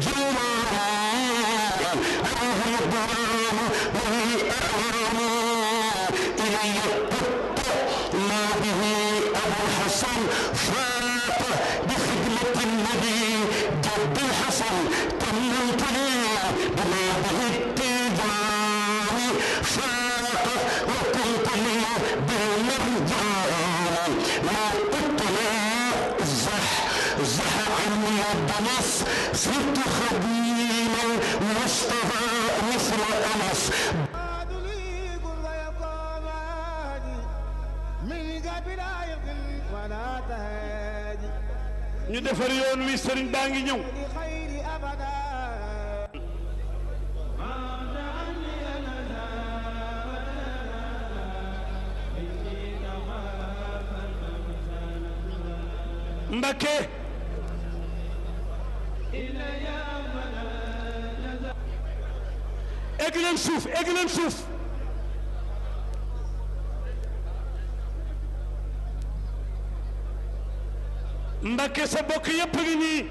جيران ñu defar yoon wi sëriñ baa ngi ñëw Mbakke egg leen suuf egg leen suuf sa bokk yépp ngi nii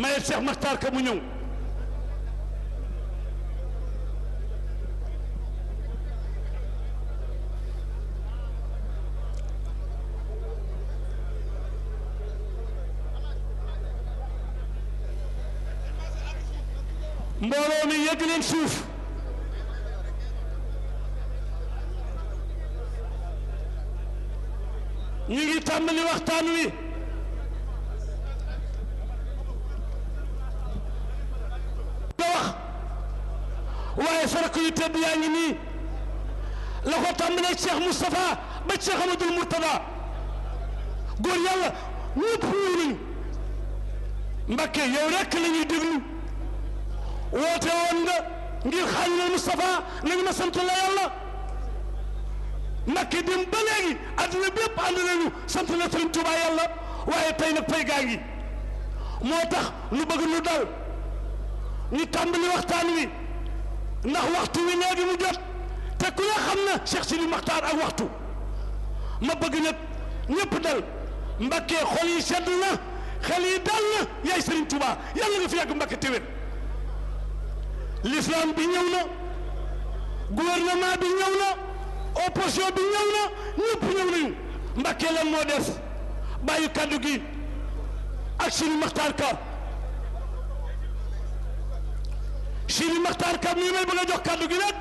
maye Cheikh Makhtar ka mu ñëw mbooloo mi yëg leen suuf دم ملي وقت تانوي واي فرق يتب يعني مي لو تم من الشيخ مصطفى بالشيخ عبد المرتضى قول يلا نبوري مكة يورك لن يدغلو واتوانغ نجي خلي المصطفى نجي مسنت الله يلا Macky dem ba léegi adduna bépp ànd nañu sant na waaye tey nag fay gaa ngi moo tax lu bëgg lu dal ñu tàmbali waxtaan wi ndax waxtu wi léegi mu jot te ku xam na Cheikh Sidi Maxtaar ak waxtu ma bëgg nag ñëpp dal Mbakke xol yi sedd na xel yi dal na yaay Sëriñ Tuubaa nga fi yàgg Mbakke téwér l'islam bi ñëw na gouvernement bi ñëw na opposition bi ñëw na ñëpp ñëw nañu Mbàkke moo def bàyyi kàddu gi ak Sëriñ Maxtaar Ka Sëriñ Maxtaar Ka mii may bëgg a jox kàddu gi nag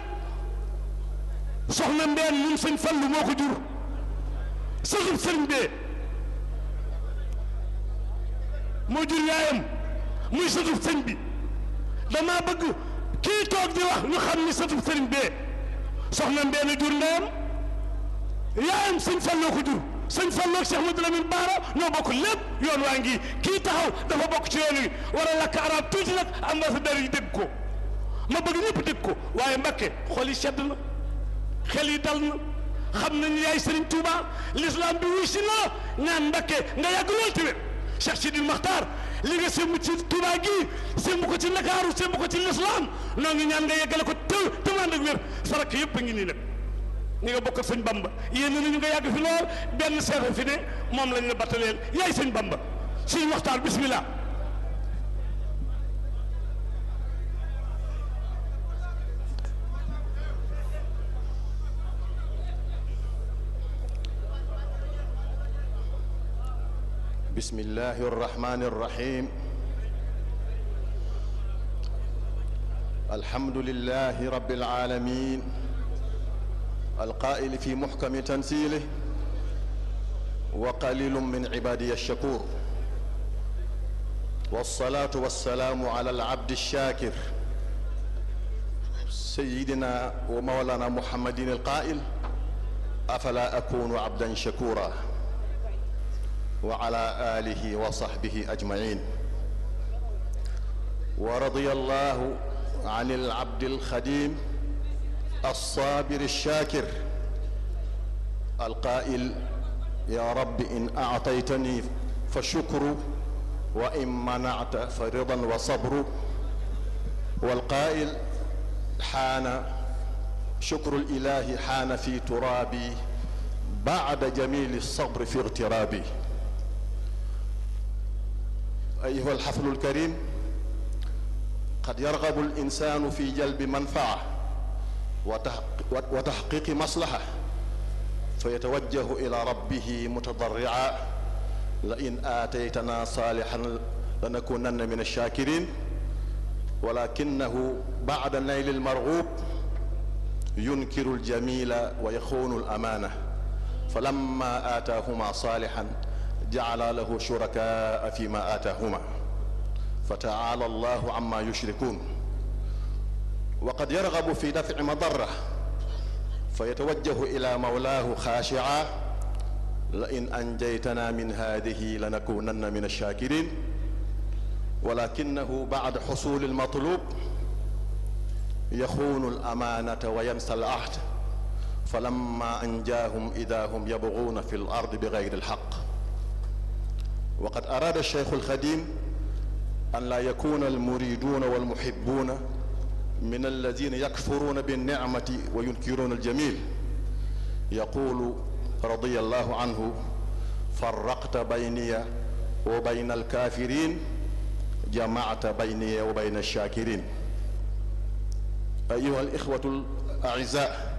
soxna Mbeen ñun sëñ Fallu moo ko jur sësub sëriñ bee moo jur yaayam muy sësub sëñ bi dama bëgg kii toog di wax ñu xam ni sësub sëriñ bee soxna mbenn jur ndeyam yaayam sëñ Fallou ko jur sëñ Fallou ak Cheikh Madou Lamine Baara ñoo bokk lépp yoon waa ngi kii taxaw dafa bokk ci yoon wi war a lakk arab tuuti nag ambassadeur yi dégg ko ma bëgg ñëpp dégg ko waaye Mbakke xol yi sedd na xel yi dal na xam nañu yaay Serigne Touba l'islam bi wuy si na ñaan Mbakke nga yàgg lool li nga sëmb ci Tuubaa gi sëmb ko ci Ndakaaru sëmb ko ci lislaam noo ngi ñaan nga yeggale ko te tëmand ak wér sarak yëpp a ngi nii nag ñi nga bokk sëñ Bamba yéen nañu nga yàgg fi lool benn seefe fi ne moom lañ ne battaleen yaay sëñ Bamba suñu waxtaan bismillah بسم الله الرحمن الرحيم الحمد لله رب العالمين القائل في محكم تنزيله وقليل من عبادي الشكور والصلاة والسلام على العبد الشاكر سيدنا ومولانا محمد القائل أفلا أكون عبدا شكورا وعلى آله وصحبه أجمعين ورضي الله عن العبد الخديم الصابر الشاكر القائل يا رب إن أعطيتني فالشكر وإن منعت فرضا وصبر والقائل حان شكر الإله حان في ترابي بعد جميل الصبر في اغترابي أيها الحفل الكريم قد يرغب الإنسان في جلب منفعة وتحقيق مصلحة فيتوجه إلى ربه متضرعا لئن آتيتنا صالحا لنكونن من الشاكرين ولكنه بعد نيل المرغوب ينكر الجميل ويخون الأمانة فلما آتاهما صالحا جعل له شركاء فيما آتاهما فتعالى الله عما يشركون وقد يرغب في دفع مضرة فيتوجه إلى مولاه خاشعا لئن أنجيتنا من هذه لنكونن من الشاكرين ولكنه بعد حصول المطلوب يخون الأمانة وينسى العهد فلما أنجاهم إذا هم يبغون في الأرض بغير الحق وقد أراد الشيخ الخديم أن لا يكون المريدون والمحبون من الذين يكفرون بالنعمة وينكرون الجميل يقول رضي الله عنه فرقت بيني وبين الكافرين جمعت بيني وبين الشاكرين أيها الإخوة الأعزاء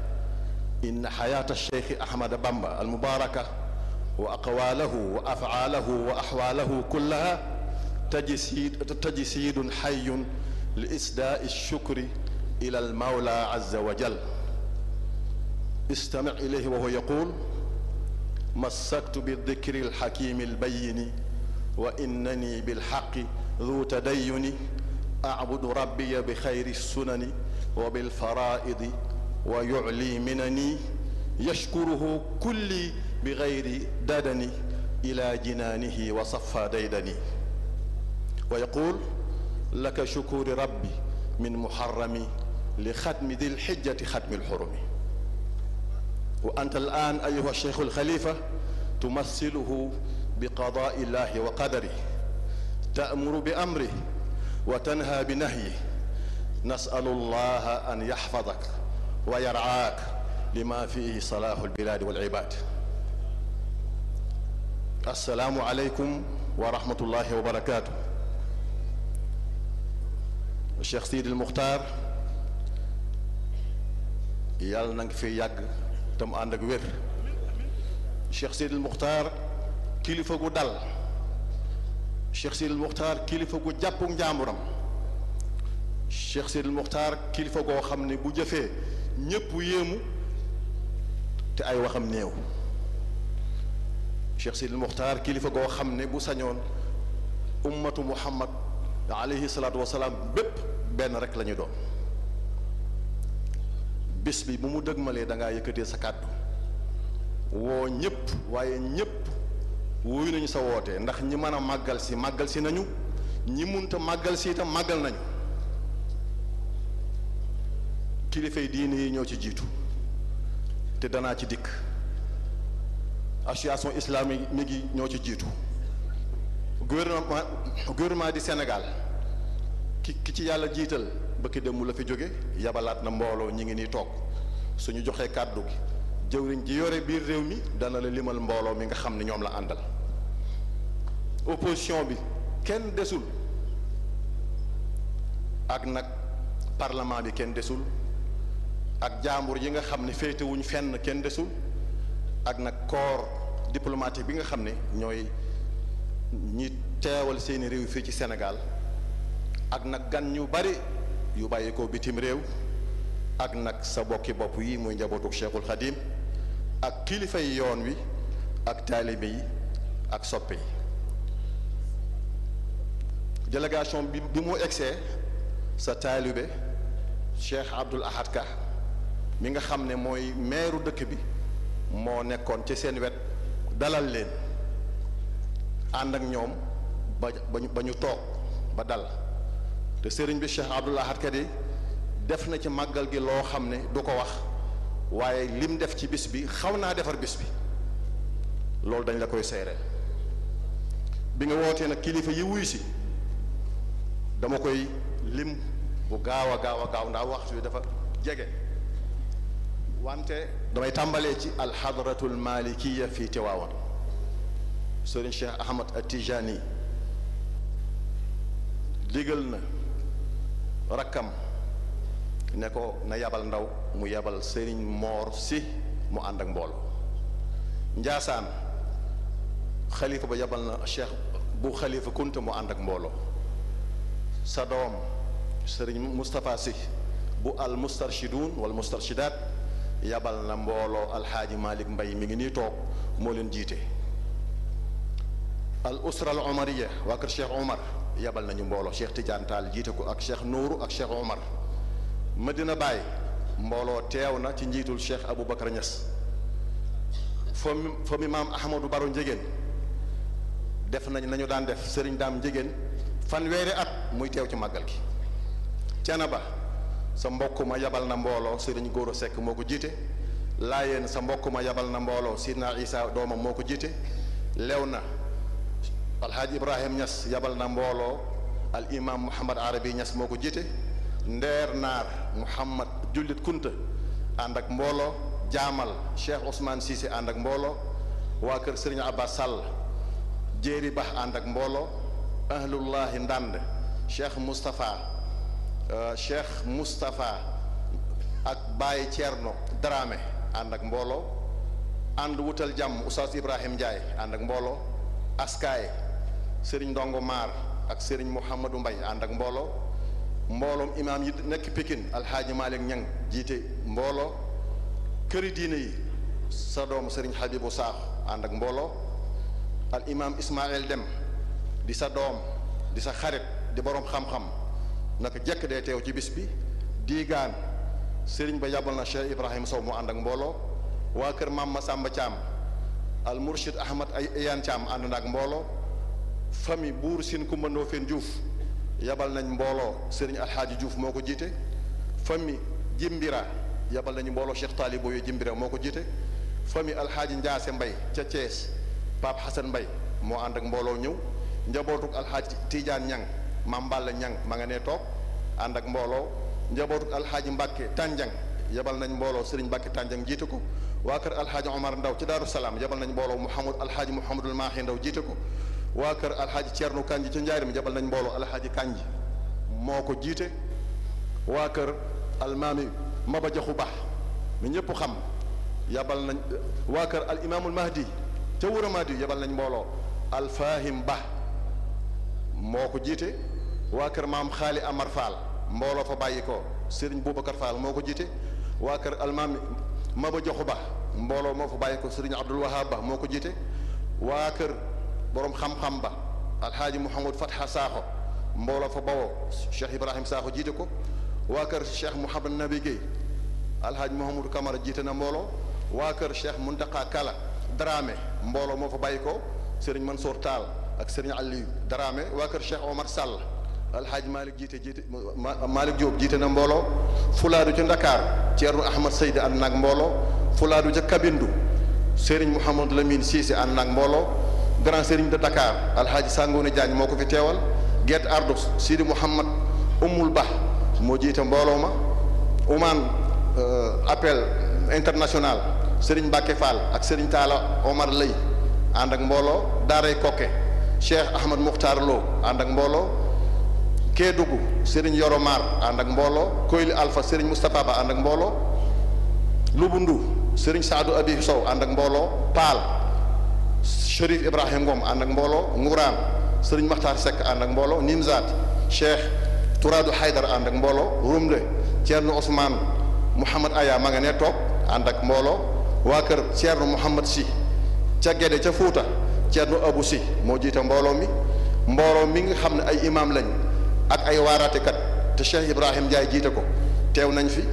إن حياة الشيخ أحمد بامبا المباركة وأقواله وأفعاله وأحواله كلها تجسيد, تجسيد حي لإسداء الشكر إلى المولى عز وجل استمع إليه وهو يقول مسكت بالذكر الحكيم البين وإنني بالحق ذو تدين أعبد ربي بخير السنن وبالفرائض ويعلي منني يشكره كل بغير ددن إلى جنانه وصفى ديدني ويقول لك شكور ربي من محرم لختم ذي الحجة ختم الحرم وأنت الآن أيها الشيخ الخليفة تمثله بقضاء الله وقدره تأمر بأمره وتنهى بنهيه نسأل الله أن يحفظك ويرعاك لما فيه صلاح البلاد والعباد السلام عليكم ورحمة الله وبركاته الشيخ سيد المختار يال نانك في ياغ تم عندك وير الشيخ سيد المختار كيلي فوكو دال الشيخ سيد المختار كيلي فوكو جابو الشيخ سيد المختار كيلي فوكو بو جافي نييب ييمو تي اي وخام نيو Cheikh Sidil Muxtaar kilifa goo xam ne bu sañoon ummatu muhammad alayhi salaatu wasalaam bépp benn rek la ñu doon bis bi bu mu dëgmalee da ngaa yëkkatee sa kàddu woo ñëpp waaye ñëpp wuyu nañu sa woote ndax ñi mën màggal si màggal si nañu ñi munta màggal si itam màggal nañu kilifay diine yi ñoo ci jiitu te danaa ci dikk association islamique mi ngi ñoo ci jiitu gouvernement gouvernement du Sénégal ki ki ci yàlla jiital bëkki dem mu la fi jóge yabalaat na mbooloo ñi ngi nii toog suñu joxee kàddu gi jëwriñ ji yore biir réew mi dana la limal mbooloo mi nga xam ne ñoom la àndal opposition bi kenn desul ak nag parlement bi kenn desul ak jaambur yi nga xam ne féetewuñ fenn kenn desul ak nag corps diplomatique bi nga xam ne ñooy ñi teewal seeni réew fii ci senegal ak nag gan ñu bari yu bàyyi ko bitim réew ak nag sa bokki bopp yi muy njabootu Cheikhul Khadim ak kilifa yoon wi ak taalibe yi ak soppe yi délégation bi bi mu egsee sa taalibe Cheikh Abdoul Ahad mi nga xam ne mooy meeru dëkk bi moo nekkoon ci seen wet dalal leen ànd ak ñoom ba ba ñu toog ba dal te sëriñ bi Cheikh Abdoul Ahad def na ci màggal gi loo xam ne du ko wax waaye lim def ci bis bi xaw naa defar bis bi loolu dañ la koy seereel bi nga wootee nag kilifa yi wuyu si dama koy lim bu gaaw a gaaw a gaaw ndax waxtu bi dafa jege wante damay tàmbalee ci alxadratul malikiya fii Tiwaawan sëriñ Cheikh Ahmad Atijani digal na rakkam ne ko na yabal ndaw mu yabal sëriñ moor si mu ànd ak mbool njaasaan xalifa ba yabal na cheikh bu xalifa kunta mu ànd ak mbooloo sa doom sëriñ Moustapha si bu al mustarshidun wala mustarshidaat yabal na al haji malik Mbay mi ngi ni tok mo len jité al usra al omariya wa kër Cheikh Omar yabal nañu mbolo Cheikh Tidiane tal jité ko ak Cheikh nouru ak Cheikh Omar Medina bay mbolo teew na ci njitul Cheikh abou Niass fa fami fa Ahmadou Baro njegen def nañ nañu daan def Serigne njegen fan wéré at muy tew ci magal gi Thiénaba sa mbokkuma yabal na mbooloo sëriñ Gora Seck moo ko jiite laayeen sa mbokk ma yabal na mbooloo Sidna Isa doomam moo ko jiite lew na alhaaj Ibrahim Niass yabal na mbooloo al imam Mouhamad Arabi Niass moo ko jiite ndeer naar Mouhamad jullit kunta ànd ak mbooloo jaamal Cheikh Ousmane sisi ànd ak mbooloo waa kër sëriñ Abbas Sall jéeri bax ànd ak mbooloo ahlullahi ndànd Cheikh Moustapha Euh, Cheikh Moustapha ak Baye Thierno Dramé ànd ak mbooloo ànd wutal jàmm Oustaz Ibrahim Ndiaye ànd ak mbooloo askaay Serigne Ndongo Maar ak Serigne Mouhamadou mbay ànd ak mbooloo mbooloom imaam yi nekk Pikine Alhaaji Malick Niang jiite mbooloo këri diine yi sa doom Serigne Habibou Sakho ànd ak mbooloo al imaam Ismaël Dem di sa doom di sa xarit di boroom xam-xam naka jekk day teew ci bis bi diigaan sëriñ ba yabal na Cheikh Ibrahima Sow mu ànd ak mbooloo waa kër maam Masamba Thiam al Mourchid Ahmad ay Eyane Thiam ànd na ak mbooloo famille buur Sine Kumba Ndofène Diouf yabal nañ mbooloo sëriñ Alxaaji juuf moo ko jiite fami Jimbira yabal nañu mbooloo Cheikh Talib yooyu Jimbira moo ko jiite famille Alxaaji Ndiaase Mbay ca Thiès Pape Hassan Mbay moo ànd ak mbooloo ñëw njabootuk Alxaaji tiijaan Ñang maam Mballa Ñang ma nga toog ànd ak mbooloo njabootu alxaaji Mbàkke Tànjang yebal nañ mbooloo Serigne Mbàkke Tànjang jiite ko waa kër alxaaji Omar Ndaw ci Daaru Salaam yebal nañ mbooloo Mouhamad alxaaji Mouhamadul Maahi Ndaw jiite ko waa kër alxaaji Ceerno kànj ci Njaarim yebal nañ mbooloo alxaaji Kanji moo ko jiite waa kër almaami Maba Jaxu Ba mi ñëpp xam yabal nañ waa kër al imaamul Mahdi ca Wuro Mahdi yebal nañ mbooloo alfaahim Ba moo ko jiite waa kër maam xaali Amar Fall mbooloo fa bàyyi ko Serigne Boubacar Fall moo ko jiite waa kër almaami Maba Joxu Ba mbooloo moo fa bàyyi ko Serigne Abdul Wahab Ba moo ko jiite waa kër borom xam-xam ba alxaaji Mouhamadou Fatha Sakho mbooloo fa bawoo Cheikh Ibrahim Sakho jiite ko waa kër Cheikh Mouhamad Nabi Guèye alxaaji Mouhamadou Kamara jiite na mbooloo waa kër Cheikh Muntaqa Kala Dramé mbooloo moo fa bàyyi ko Serigne Mansour Tall ak Serigne Aliou Dramé waa kër Cheikh Omar Sall alxaaj Malick jiite jiite Malick Diop jiite na mbooloo fulaadu ca Ndakaar Thierno Ahmad Seydi ànd naag mbooloo fulaadu ca Kabindu Serigne Mouhamadou Lamine Cissé ànd naag mbooloo grand Serigne de Dakar alxaaj Sangoone Diagne moo ko fi teewal Guet Ardos Sidi Mouhamad Oumoul Bah moo jiite mbooloo ma Oman euh, appel international Serigne Mbacke Fall ak Serigne Talla Omar Lay ànd ak mbooloo daaray Kokke Cheikh Ahmad Moukhtar Lo ànd ak mbooloo Kédougou Serigne Yoro Mar ànd ak mbooloo Koyli alfa sëriñ Moustapha Ba ànd ak mbooloo Lubundu sëriñ Saadou Abi Sow ànd ak mbooloo Paal Chérif Ibrahim Ngom ànd ak mbooloo Ngouraan Serigne Makhtar Seck ànd ak mbooloo Nimzat Cheikh Touradu Haydar ànd ak mbooloo Rumde Thierno Ousmane Mouhamad Aya ma nga ne toog ànd ak mbooloo waa kër Thierno Mouhamad Sy ca Gédé ca Fuuta Thierno Abou si moo jiite mbooloo mi mbooloo mi nga xam ne ay imaam lañ ak ay waaraatekat te Cheikh Ibrahim Ndiaye jiite ko teew nañ fi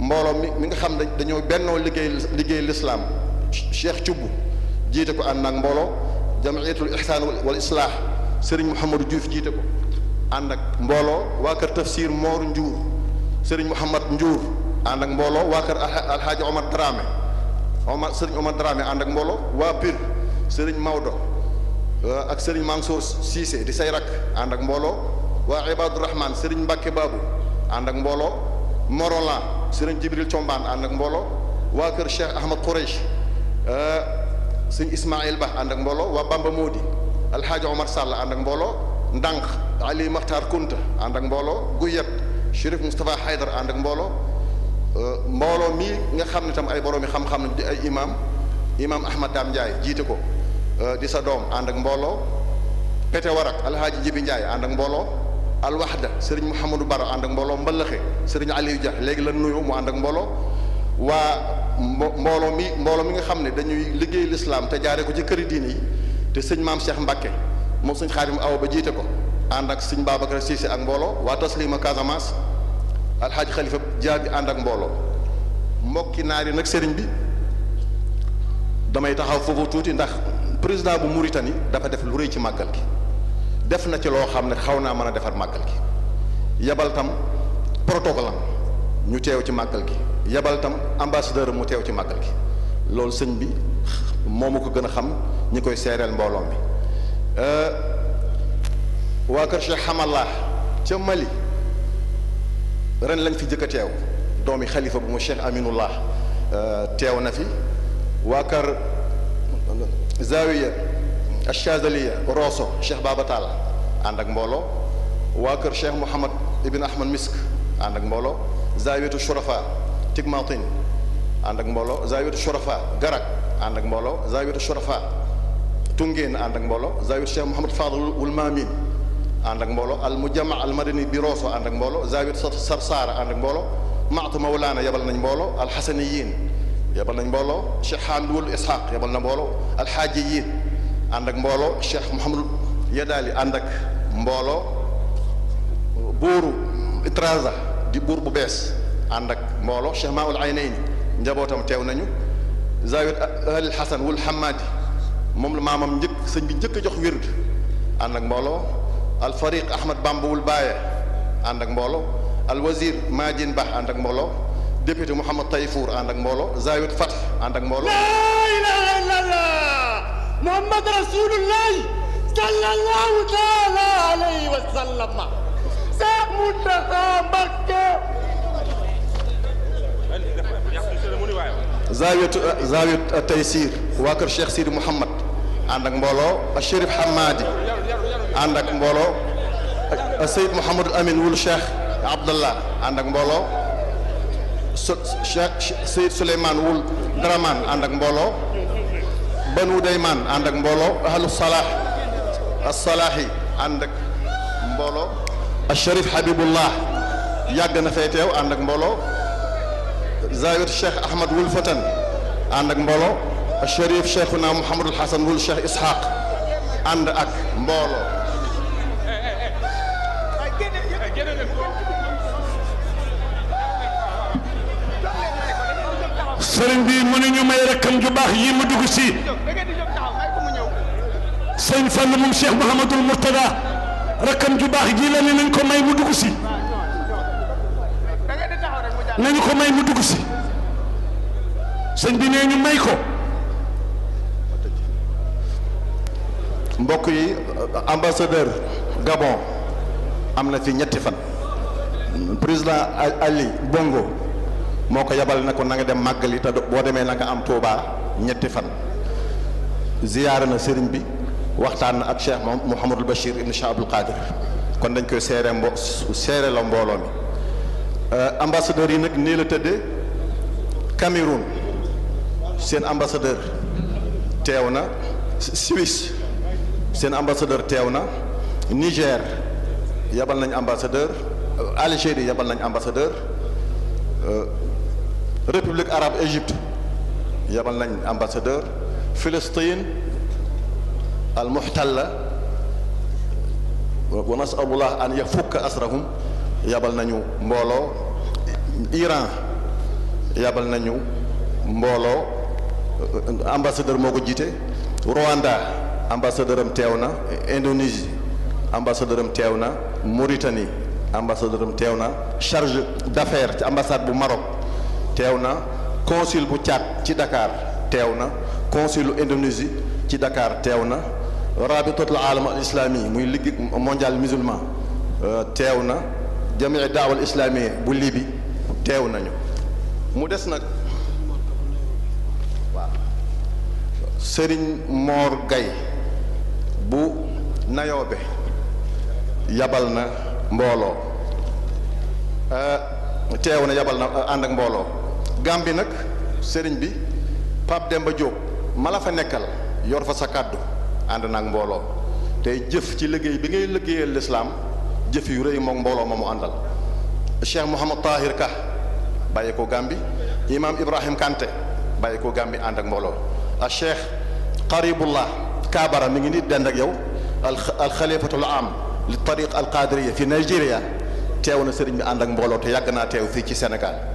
mbooloo mi mi nga xam ne dañoo bennoo liggéey liggéey lislaam Cheikh Thioub jiite ko ànd ak mbooloo jamiyatul ihsaan wal islah Serigne Mouhamadou Diouf jiite ko ànd ak mbooloo waa kër tafsir Mor Ndiour Serigne Mouhamad Ndiour ànd ak mbooloo waa kër Alhaji Omar Dramé Omar Serigne Omar Dramé ànd ak mbooloo waa Pire Serigne Maodo ak sëriñ Mansour Cissé di say rak ànd ak mbooloo. waa Ibadu Rahman Serigne Mbacke Babou ànd ak mbooloo Morolan Serigne Jibril Combaan ànd ak mbooloo waa kër Cheikh Ahmad Quraish euh, sëñ Ismaïl Ba ànd ak waa Bamba Modi Alhaji Omar Sall ànd ak mbooloo Ndànk Ali Makhtar Kunta ànd ak mbooloo Guyet Chérif Moustapha Haydar ànd ak mbooloo euh, mbooloo mii nga xam ne tam ay boroomi xam-xam di ay imam imam Ahmad Dam Ndiaye jiite ko euh, di sa doom ànd ak mbooloo Pete Warak Alhaji Jibi Ndiaye ànd ak mbooloo alwaxda sëriñ Mouhamadou Baro ànd ak mbooloo mbalaxe sëriñ Aliou Dia léegi la nuyu mu ànd ak mbooloo waa mbooloo mi mbooloo mi nga xam ne dañuy liggéey lislaam te jaaree ko ci këri diine yi te sëñ maam Cheikh Mbacke moom sëñ mu Awa ba jiite ko ànd ak sëñ Babacar Cissé ak mbooloo waa taslima Casamance alxaaj Xalifa Jaabi ànd ak mbooloo mbokki naar yi nag sëriñ bi damay taxaw foofu tuuti ndax président bu Mauritanie dafa def lu rëy ci màggal gi def na ci loo xam ne xaw naa mën a defar màggal gi yabal tam protocole am ñu teew ci màggal gi yabal tam ambassadeur mu teew ci màggal gi loolu sëñ bi moomu ko gën a xam ñi koy seereel mbooloo mi waa kër Cheikh Hamallah ca Mali ren lañ fi jëkk a teew doomi xalifa bu mu Cheikh Aminullah teew na fi waa kër Achazaliya Rosso Cheikh Baba Tall ànd ak mbooloo waa kër Cheikh Mouhamad Ibn Ahmad Misk ànd ak mbooloo Zawiyetu Shurafa Tigmatin ànd ak mbooloo Zawiyetu Shurafa Garak ànd ak mbooloo Zawiyetu Shurafa Tungeen ànd ak mbooloo Zawiyetu Cheikh Mouhamad Fadl Wul Mamin ànd ak mbooloo al mujama al madani bi Rosso ànd ak mbooloo Zawiyetu Sarsara ànd ak mbooloo Maatu Mawlana yabal nañ mbooloo al Xasaniyin yabal nañ mbooloo Cheikh Hamdul Ishaq yabal na mbooloo al Xaajiyin ànd ak mbooloo Cheikh Mouhamadou Yadaali ànd ak mbooloo Itraza di buur bu bees ànd ak mbooloo Cheikh Maawul Aynayni njabootam teew nañu Zawid Halil Hasan wul Hamadi moom la maamam njëkk sëñ bi njëkk jox wird ànd ak al Fariq Ahmad Bamba wul Baaye ànd ak al Wazir Maajin Ba andak ak mbooloo député Mouhamad Tayfour ànd ak Zawid Fath andak ak محمد رسول الله صلى الله تعالى عليه وسلم ساق منتخى مكة زاوية زاوية التيسير واكر الشيخ سيدي محمد عندك مبولو الشريف حمادي عندك مبولو السيد محمد الامين والشيخ عبد الله عندك مبولو السيد سليمان والدرمان عندك مبولو banu daymaan ànd ak mbooloo ahlu salaax assalaaxi ànd ak mbooloo asharif habibullah yàgg na fay teew ànd ak mbooloo zawir cheikh ahmad wul fatan ànd ak mbooloo asharif cheikhuna mouhamadul hasan wul cheikh ishaq ànd ak mbooloo sëriñ bi mu ne ñu may rakkam ju baax yi mu dugg si sëñ Fall moom Cheikh Mouhamadul Mourtada rakkam ju baax ji la ne nañ ko may mu dugg si nañu ko may mu dugg si sëñ bi nee ñu may ko. mbokk yi ambassadeur Gabon am na fi ñetti fan président Ali Bongo. moo ko yebal na ko na nga dem màggali te boo demee nanga am Touba ñetti fan ziyaara na sëriñ bi waxtaan na ak Cheikh Mouhamadul Bachir ibn Cheikh Abdoul Qadir kon dañ koy seere mbo seere la mbooloo mi euh, ambassadeurs yi nag nii la tëddee Cameroun seen ambassadeur teew na Suisse seen ambassadeur teew na Niger yebal nañ ambassadeur euh, Algérie yebal nañ ambassadeur euh, république arabe égypte yabal nañ ambassadeur philistine al muhtalla wa nasalullah an yafukka asrahum yabal nañu mbooloo iran yabal nañu mbooloo ambassadeur moo ko rwanda ambassadeur am teew na indonésie ambassadeur am teew na mauritanie ambassadeur am charge d'affaires ci ambassade bu maroc teew na consul bu Tchad ci Dakar teew na consul bu ci Dakar teew na rabitatul alam al islami muy ligue mondial musulman euh, teew na jamii daawal islami bu Libi teew nañu mu des nag sëriñ Serigne Mor Gaye bu Nayoobe yabal na mbooloo euh, teew na yabal na ànd ak mbooloo Gàmbi nag sëriñ bi Pape Demba Diop mala fa nekkal yor fa sa kàddu ànd naag mbooloo tey jëf ci liggéey bi ngay liggéeyal lislaam jëf yu rëy moom mbooloo ma mu àndal Cheikh Mouhamad Tahir Ka bàyyi ko Gàmbi imaam Ibrahim Kanté bàyyi ko Gàmbi ànd ak mbooloo a Cheikh Qaribullah Kabara mu ngi nit dend ak yow al al xalifatul am li tariq al qadiriya fi Nigeria teew na sëriñ bi ànd ak mbooloo te yàgg naa teew fii ci senegal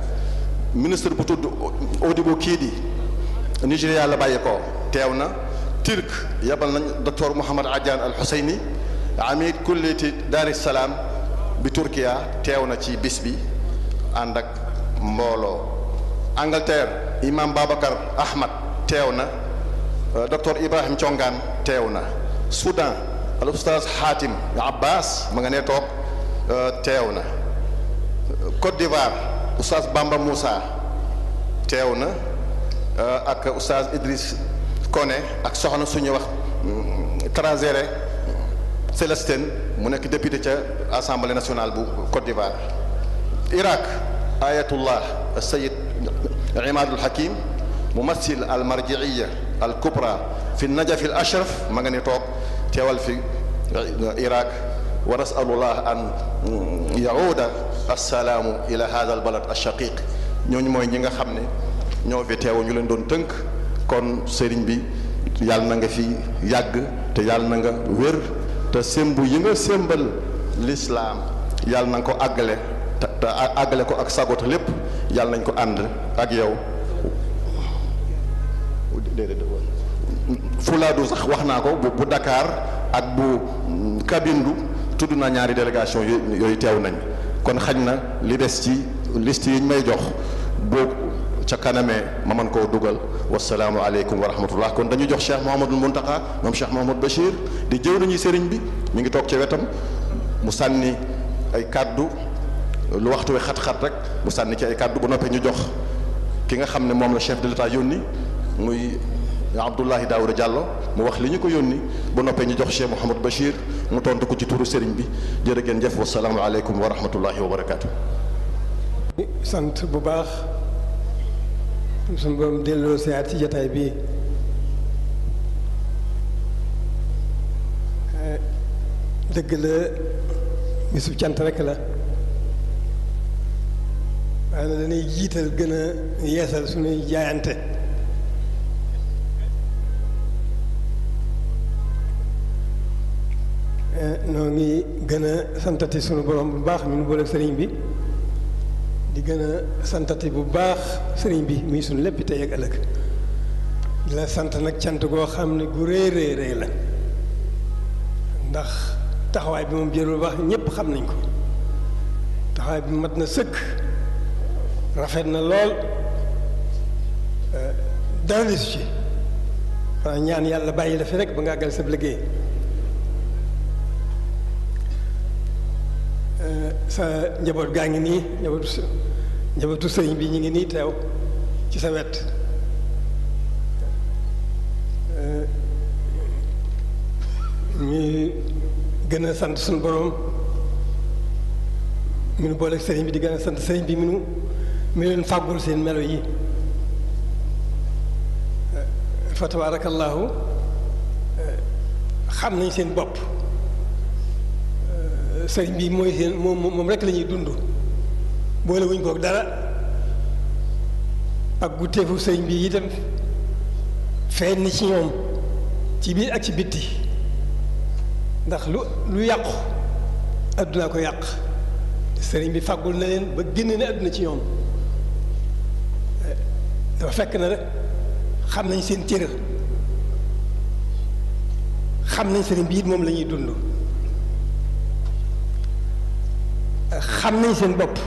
ministre bu tudd Odibo Kidi Nigeria la bàyyeekoo teew na yabal nañ docteur Adjan Al Husseini amid kulliti Dar es Salaam bi Turkiya tewna ci bis bi andak mbolo Angleterre imam Babakar Ahmad tewna euh, docteur Ibrahim Chongan tewna Sudan, Soudan al oustaz Hatim Abbas ma nga ne tok euh, tewna Côte d'Ivoire Ustaz Bamba Moussa teew na ak oustaz Idriss Koné ak soxna suñu wax Transéré Célestine mu nekk député ca assemblée nationale bu Côte d'Ivoire Irak ayatullah السيد عماد Hakim ممثل المرجعية الكبرى في النجف الأشرف ما توك تيوال في العراق ونسأل الله أن يعود السلام إلى هذا البلد الشقيق نيون موي نيغا خامني نيو فيتيو نيو لين دون تنك كون سيرين بي يال نغا في ياغ تي يال نغا وير تا سيمبو ييغا سيمبل الاسلام يال نانكو اغالي تا اغالي كو اك ساغوت ليب يال نانكو اند اك ياو فولادو صاح واخناكو بو دكار اك بو كابيندو tudd naa ñaari délégation yooyu teew nañ kon xañ na li des ci liste yi ñu may jox boo ca kanamee ma man koo dugal wasalaamu aleykum wa rahmatullah kon dañu jox Cheikh Mouhamadul Mountakha moom Cheikh Mouhamad Bachir di jëw nañu sëriñ bi mi ngi toog ci wetam mu sànni ay kàddu lu waxtu xat-xat rek mu sànni ci ay kàddu bu noppee ñu jox ki nga xam ne moom la chef de l'état yónni muy Abdoulahi Daouda jàllo mu wax li ñu ko yónni bu noppee ñu jox Cheikh Mouhamad Bachir mu tontu ko ci turu sëriñ bi jërë ngeen jëf wasalaamualeykum wa rahmatullahi wa barakaatu. sant bu baax suñu borom delloo siyaat ci jataay bi eh, dëgg la bisu cant rek la waaye dañuy jiital gën a yeesal suñuy jaayante. Eh, noo ngi gën a santati sunu borom bu baax ñu boole sëriñ bi di gën a santati bu baax sëriñ bi muy sunu lépp te ak ëllëg dina sant nag cant goo xam ne gu rëy rëy rëy la ndax taxawaay bi moom jërul baax ñépp xam nañ ko taxawaay bi mat na sëkk rafet na lool eh, dara ci xanaa ñaan yàlla bàyyi la fi rek ba nga àggal sa liggéey Euh, sa njaboot gaa ngi nii njabootu njabootu sëñ bi ñu ngi nii teew ci sa wet euh, ñuy gën a sant suñu boroom mi nu booleeg sëriñ bi di gën a sant sëriñ bi mi nu mi leen fàggul seen melo yi euh, fa tabaarakallaahu xam nañ seen bopp sëriñ bi mooy seen moom moom rek la ñuy dund boole wuñ koog dara ak gutteefu sëriñ bi itam feeñ ci ñoom ci biir ak ci bitti ndax lu lu yàqu addunaa ko yàq sëriñ bi fàggul na leen ba génn ne adduna ci ñoom dafa fekk na xam nañ seen cër xam nañ sëriñ bi it moom la ñuy dund xamnañ seen bopp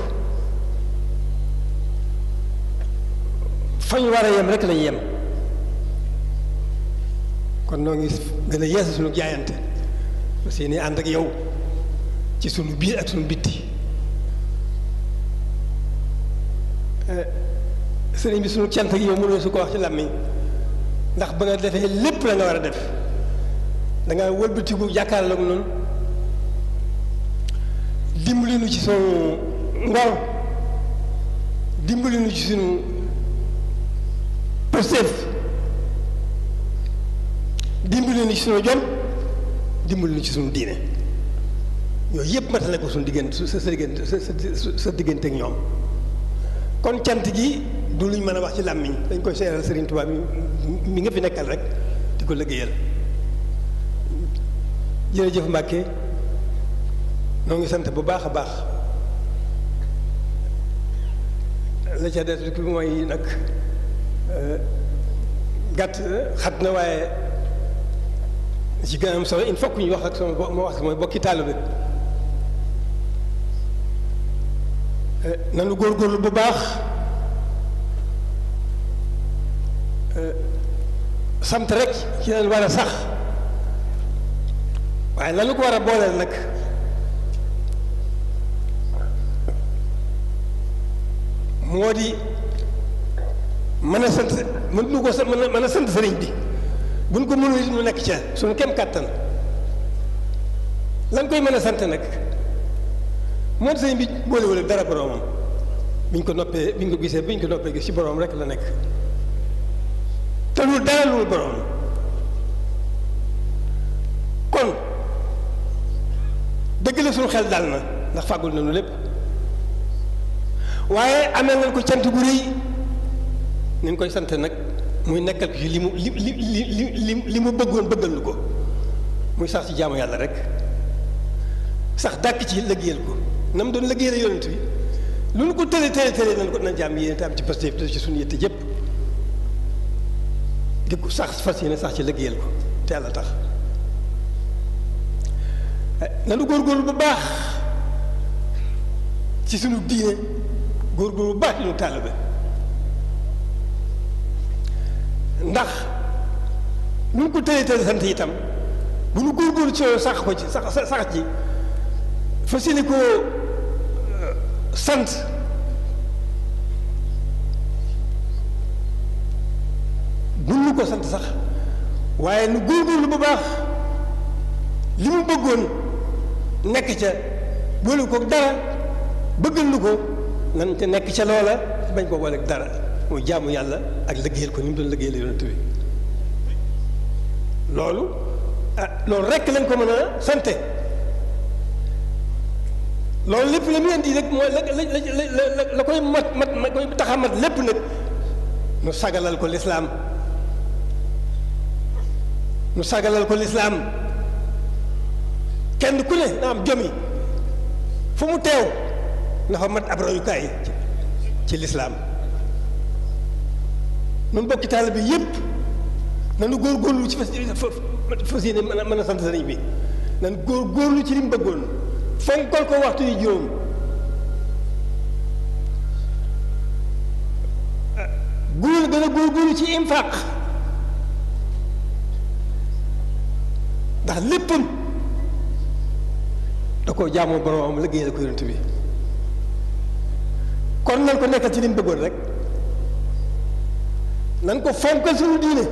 fañ war a yem rek lañ yem kon noo ngi gën a yeesa suñu jaayante parce que ni ànd ak yow ci sunu biir ak sunu bitti sëriñ bi sunu cant ak yow mënoo su ko wax ci làmmiñ ndax ba nga defee lépp la nga war a def da nga wëlbatiku jàkkaarloog noonu dimbali nu ci sunu ngor dimbali nu ci sunu pësteef dimbali nu ci sunu jom diine yooyu yëpp matale ko sunu diggante sa sa diggante sa sa ñoom kon cant gi du luñ mën a wax ci làmmiñ dañ koy seeral Serigne Touba mi mi nga fi nekkal rek di ko liggéeyal jërëjëf Mbacke noo ngi sant bu baax a baax la ca des bi mooy nag euh, gàtt xat na waaye ci gën a am solo il faut que ñu wax ak sama ma wax mooy bokki taalibe euh, nanu góorgóorlu bu baax euh, sant rek ci leen war a sax waaye lanu ko war a booleel nag moo di mën a sant mën nu ko mën a mën a sant sëriñ bi buñ ko mënul it mu nekk ca suñu kem kàttan lan koy mën a sant nag moo di sëriñ bi boolewul dara boroomam biñ ko noppee biñ ko gisee biñ ko noppee gis ci boroom rek la nekk te lu dara lu boroom kon dëgg la suñu xel dal na ndax fàggul nañu lépp waaye amee nañ ko cant gu rëy nañ koy sante nag muy nekkal ko ci li mu li li li li mu bëggoon bëggal ko muy sax ci jaamu yàlla rek sax dàkk ci lëggéeyal ko na mu doon lëggéeyal yonent bi lu nu ko tële tële tële nañ ko na jaam yéen te am ci pasteef te ci suñu yëtte yëpp di ko sax fas yéene sax ci lëggéeyal ko te yàlla tax eh, nanu góorgóorlu bu baax ci sunu diine góorgóor bu baax ci lu taalibe ndax lu ñu ko tëye tëye sant itam bu ñu góorgóorlu ci sax ko ci sax sax ci fas ko euh, sant mun nu ko sant sax waaye nu góorgóorlu bu baax li mu bëggoon nekk ca boole ko dara bëggal nu ko nan te nekk ca loola bañ ko boole ak dara muy jaamu yàlla ak liggéeyal ko ni mu doon liggéeyal yonent bi loolu ah loolu rek lañ ko mën a sante loolu lépp la muy indi rek mooy la la la koy mat mat ma koy tax lépp nag nu sagalal ko lislaam nu sagalal ko lislaam kenn ku ne na am jomi fu mu teew ndax mat ab royukaay ci lislaam nun bokki taal bi yépp nanu góorgóorlu ci fas fas yéene mën a mën a sant sëriñ bi nan góorgóorlu ci li mu bëggoon fonkol ko waxtu yu juróom góor gën a góorgóorlu ci infaq ndax léppam da koo jaamoo boroomam liggéeyal ko yonent bi kon nañ ko nekkal ci li mu bëggoon rek nañ ko fonkal suñu diine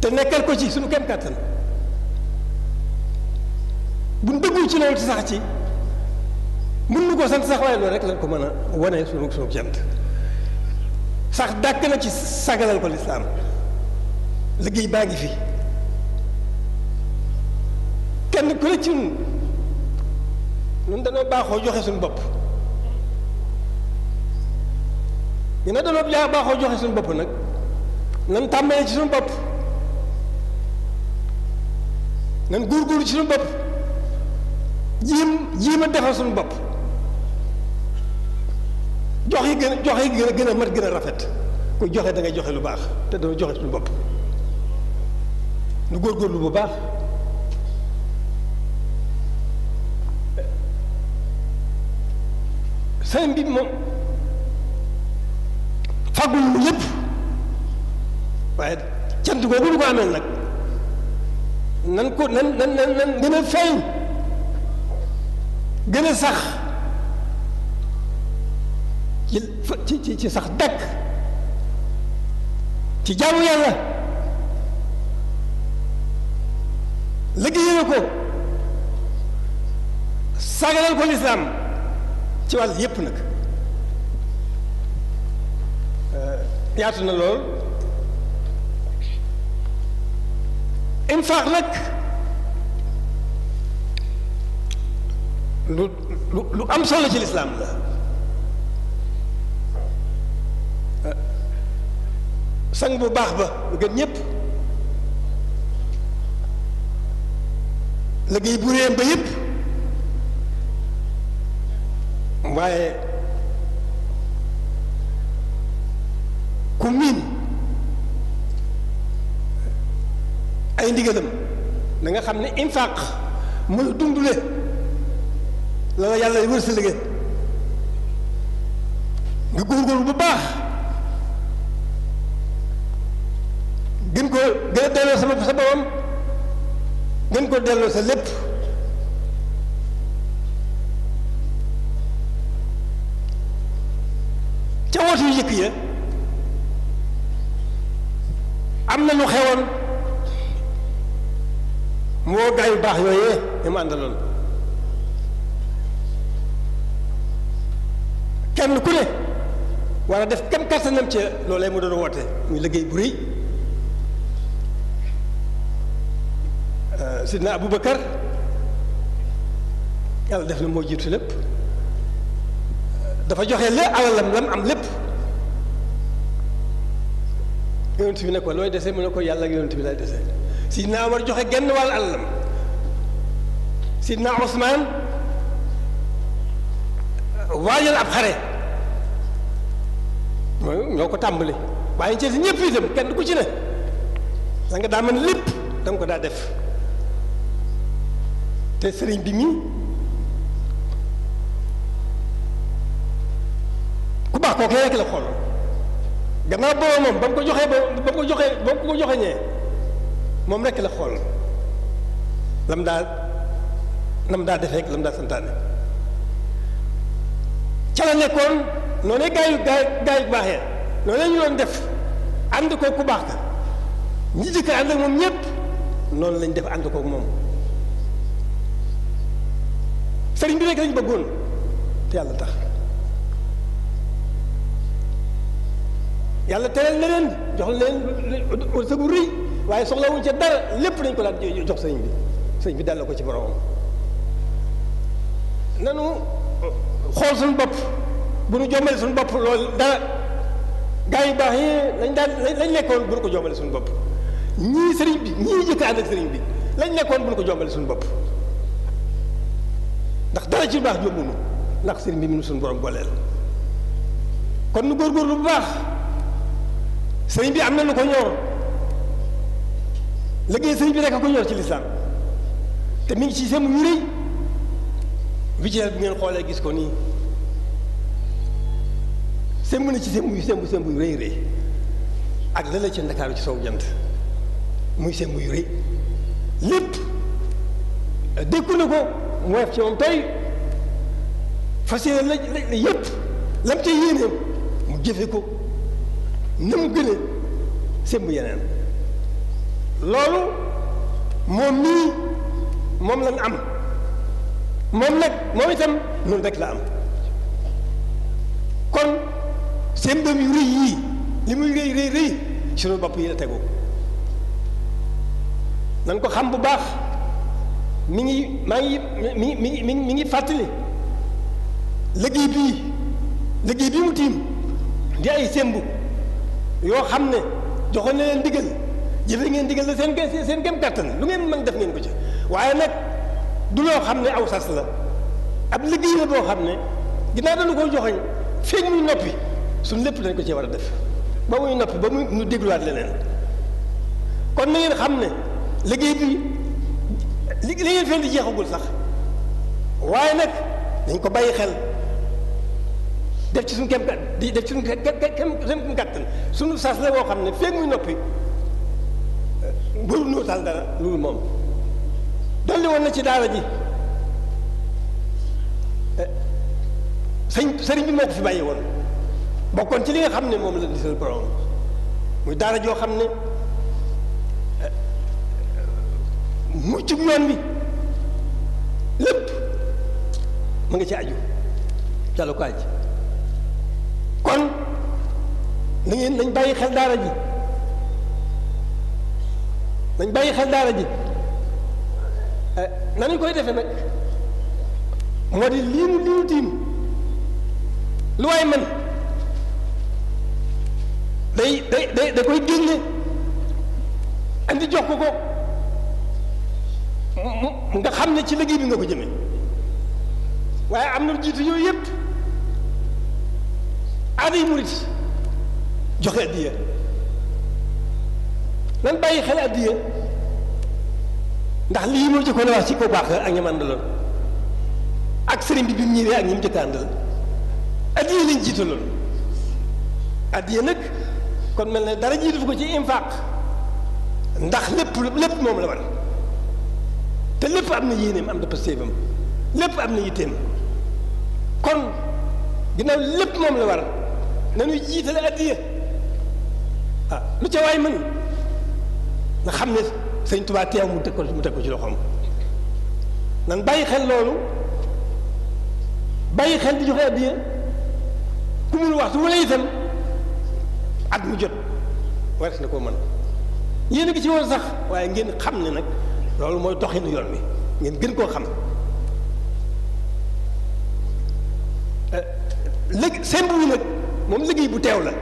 te nekkal ko ci suñu kem kàttan bu ñu dëggul ci loolu ci sax ci mën nu ko sant sax loolu rek lañ ko mën a wane suñu suñu jant sax dàkk na ci sagalal ko lislaam liggéey baa ngi fi kenn ku ne ci ñun ñun dañoo baaxoo joxe suñu bopp ñu ne dañoo jaa baaxoo joxe suñu bopp nag nan tàmbalee ci suñu bopp nan góorgóorlu ci suñu bopp jiim jiim a defar suñu bopp joxe gën a joxe gën a gën a mat gën a rafet joxe da ngay joxe lu baax te dana joxe suñu bopp nu góorgóorlu bu baax sëñ bi moom. fagul lu yëpp waaye cant ko ameel nag nan ko nan nan nan nan gën a feeñ gën a sax ci ci ci sax dakk ci jaamu yàlla liggéeyal ko sagalal ko lislaam ci wàll yëpp nag yaatu na lool infaq nag lu lu lu am solo ci lislaam la euh, sang bu baax ba lu gën ñëpp liggéey bu réem ba yëpp waaye ku miin ay ndigalam da nga xam ne infaq mooy dundule lala yàlla wër sa liggéey nga góorgóorlu bu baax gën ko gën a delloo sama sa borom gën ko delloo sa lépp ca wootu yu jëkk ya am na lu xewoon moo gaa yu baax yooyee ñu mu àndaloon kenn ku ne war a def kenn kàttanam ca loolee mu doon woote muy liggéey bu rëy sidna Aboubacar yàlla def na moo jiitu lépp dafa joxe la alalam lam am lépp yonent bi ne looy dese mu ne ko yàlla ak yonent bi lay dese sidna war joxe genn wàll alalam sidna Ousmane waajal ab xare mooy ñoo ko tàmbali waaye ñu ci ñëpp itam kenn ku ci ne da nga daa mën lépp da ko daa def te sëriñ bi mii ku baax kooku rek la xool gannaaw booba moom ba mu ko joxee ba ba mu ko joxee ba mu ko ñee moom rekk la xool lam daa lam daa defee lam daa santaane ca la nekkoon noonu gaa yu gaa gaa yu baax ya noonu ñu doon def ànd ko ku baax ka ñi jëkk ànd ak moom ñépp noonu lañ def ànd kook moom sëriñ bi rekk lañ bëggoon te yàlla tax yàlla teral na leen jox leen wërsëg bu rëy waaye soxlawuñ ca dara lépp dañ ko daan jox sëñ bi sëñ bi delloo ko ci boromam nanu xool suñu bopp bu nu jombale suñu bopp loolu dara gaa yu baax yi lañ daan lañ lekkoon bu ko jombale suñu bopp ñii sëriñ bi ñii jëkk ànd ak sëriñ bi lañ lekkoon bu nu ko jombale suñu bopp ndax dara ci baax jombunu ndax sëriñ bi mënu suñu borom booleel kon nu góorgóorlu bu baax sëñ bi am na lu ko ñor liggéey sëñ bi rek a ko ñor ci lislaam te mi ngi ci seen yu rëy visuel bi ngeen xoolee gis ko nii semb na ci semb mu semb semb yu rëy rëy ak la la ci ndakaaru ci sow jant muy semb yu lépp dékku na ko mu woyof ci moom tey fas yéene la la yépp lam ca mu jëfe ko na mu a sëmb yeneen loolu moom mii moom lañ am moom nag moom itam noonu rek la am kon sëmbam yu rëy yii li muy rëy rëy rëy sunu bopp yi la tegu nan ko xam bu baax mi ngi maa ngi mi ngi mi ngi mi ngi mi ngi fàttali liggéey bii liggéey bii mu tiim di ay sëmb yoo xam ne joxoon na leen digal jëfe ngeen digal la seen seen gëm kàttan lu ngeen mën def ngeen ko ci waaye nag du loo xam ne aw sas la ab liggéey la boo xam ne dinaa dañu koy joxoñ feeñ muy noppi suñ lépp dañ ko cee war a def ba muy noppi ba muy ñu dégluwaat leneen kon na ngeen xam ne liggéey bi li li ngeen feen jeexagul sax waaye nag dañ ko bàyyi xel def ci suñu kem di def ci suñu kem kattan suñu sas la woo xam ne feeg muy noppi euh, mbëru noo taal dara loolu moom dolli woon na ci daara ji euh, sëñ sëriñ bi moo ko fi bàyyi woon bokkoon ci li nga xam ne moom la disal borom muy daara joo xam ne euh, mucc yoon bi lépp mu nga ci aju calukaay ji kon na ngeen nañ bàyyi xel daara ji nañ bàyyi xel daara ji eh, nañu koy defee nag moo di lii nu lii nu tiim lu waay mën day day day koy génne andi jox ko ko mu nga xam ne ci liggéey bi nga ko jëme waaye am na jiitu yooyu yëpp aaday murit joxe addiya nan bàyyi xel addiya ndax lii moo jëkkoon a wax ci ko baax ak ñam àndaloon ak sëriñ bi bi mu ñëwee ak ñi mu jëkk àndal addiya lañ jiitaloon addiya nag kon mel na dara jiitu ko ci infaq ndax lépp lépp moom la war te lépp am na yéeneem am na pasteefam lépp am na yitteem kon ginnaaw lépp moom la war نانو جيت الاديه اه لو تي واي من نا خامني سيني توبا تيو مو تكو مو تكو سي لوخوم نان باي خيل لولو باي خيل دي جوخي اديه كومول واخ سو ولاي تام وارس نكو من يينا كي سي وون صاح نك لولو موي توخين يول مي نين گن كو خام moom liggéey bu teew la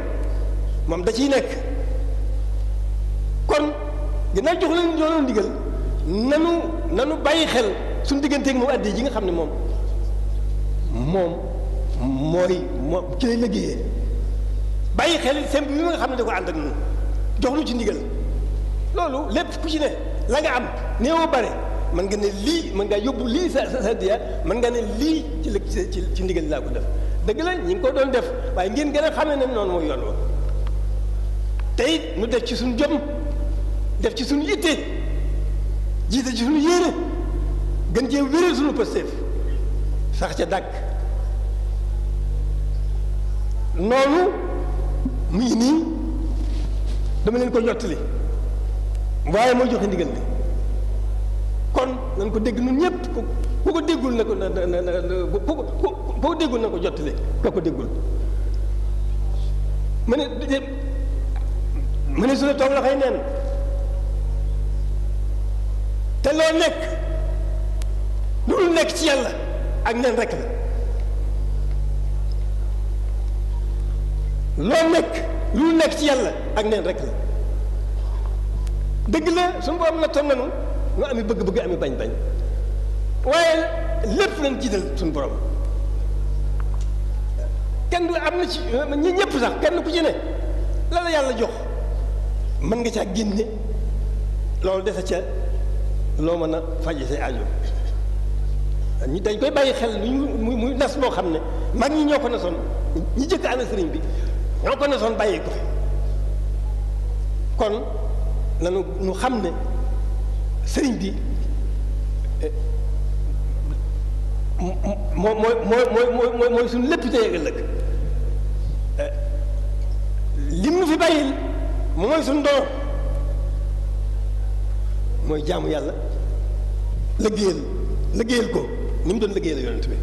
moom da ciy nekk kon ginnaaw jox leen loolu ndigal nanu nanu bàyyi xel suñu digganteeg moom yi ji nga xam ne moom moom mooy moom ci lay liggéeyee bàyyi xel seen bi nga xam ne da ko ànd ak ñun jox lu ci ndiggal loolu lépp ku ci ne la nga am néew bare mën nga ne lii mën ngaa yóbbu lii sa sa sa diya mën nga ne lii ci la ci ci ndigal laa ko def. dëgg la ñi ngi ko doon def waaye ngeen gën a xamee ne noonu mooy yoon wa te nu def ci suñu jom def ci suñu yitte jiite ci suñu yéene gën cee wéral suñu pësteef sax ca dàkk noonu mu ngi nii dama leen ko jottali waaye mooy jox ndigal li kon nañ ko dégg nun ñëpp ko ku ko déggul na ko na na na ko jottali ko déggul ma ne ma ne su la toog loxoy te loo nekk lu dul nekk ci yàlla ak neen rek la loo nekk nekk ci yàlla ak neen rek la dëgg la suñu na toog nanu nga ami bëgg-bëgg ami bañ-bañ waaye lépp lañ jiital suñu boroom kenn du am na ci ñi ñëpp sax kenn ku ci ne la yàlla jox mën nga caa génne loolu dese ca loo mën a faje say aajo dañ koy bàyyi xel lu ñu muy nas loo xam ne mag ñi ñoo ko nasoon ñi jëkk ana sëriñ bi ñoo ko nasoon bàyyi ko fi kon nanu ñu xam ne sëriñ bi moo mooy mooy mooy mooy suñu lépp tey ëllëg eh, lim nu fi bàyyil mooy suñ doon mooy jaamu yàlla liggéeyal liggéeyal ko ni mu doon liggéeyal yonent bi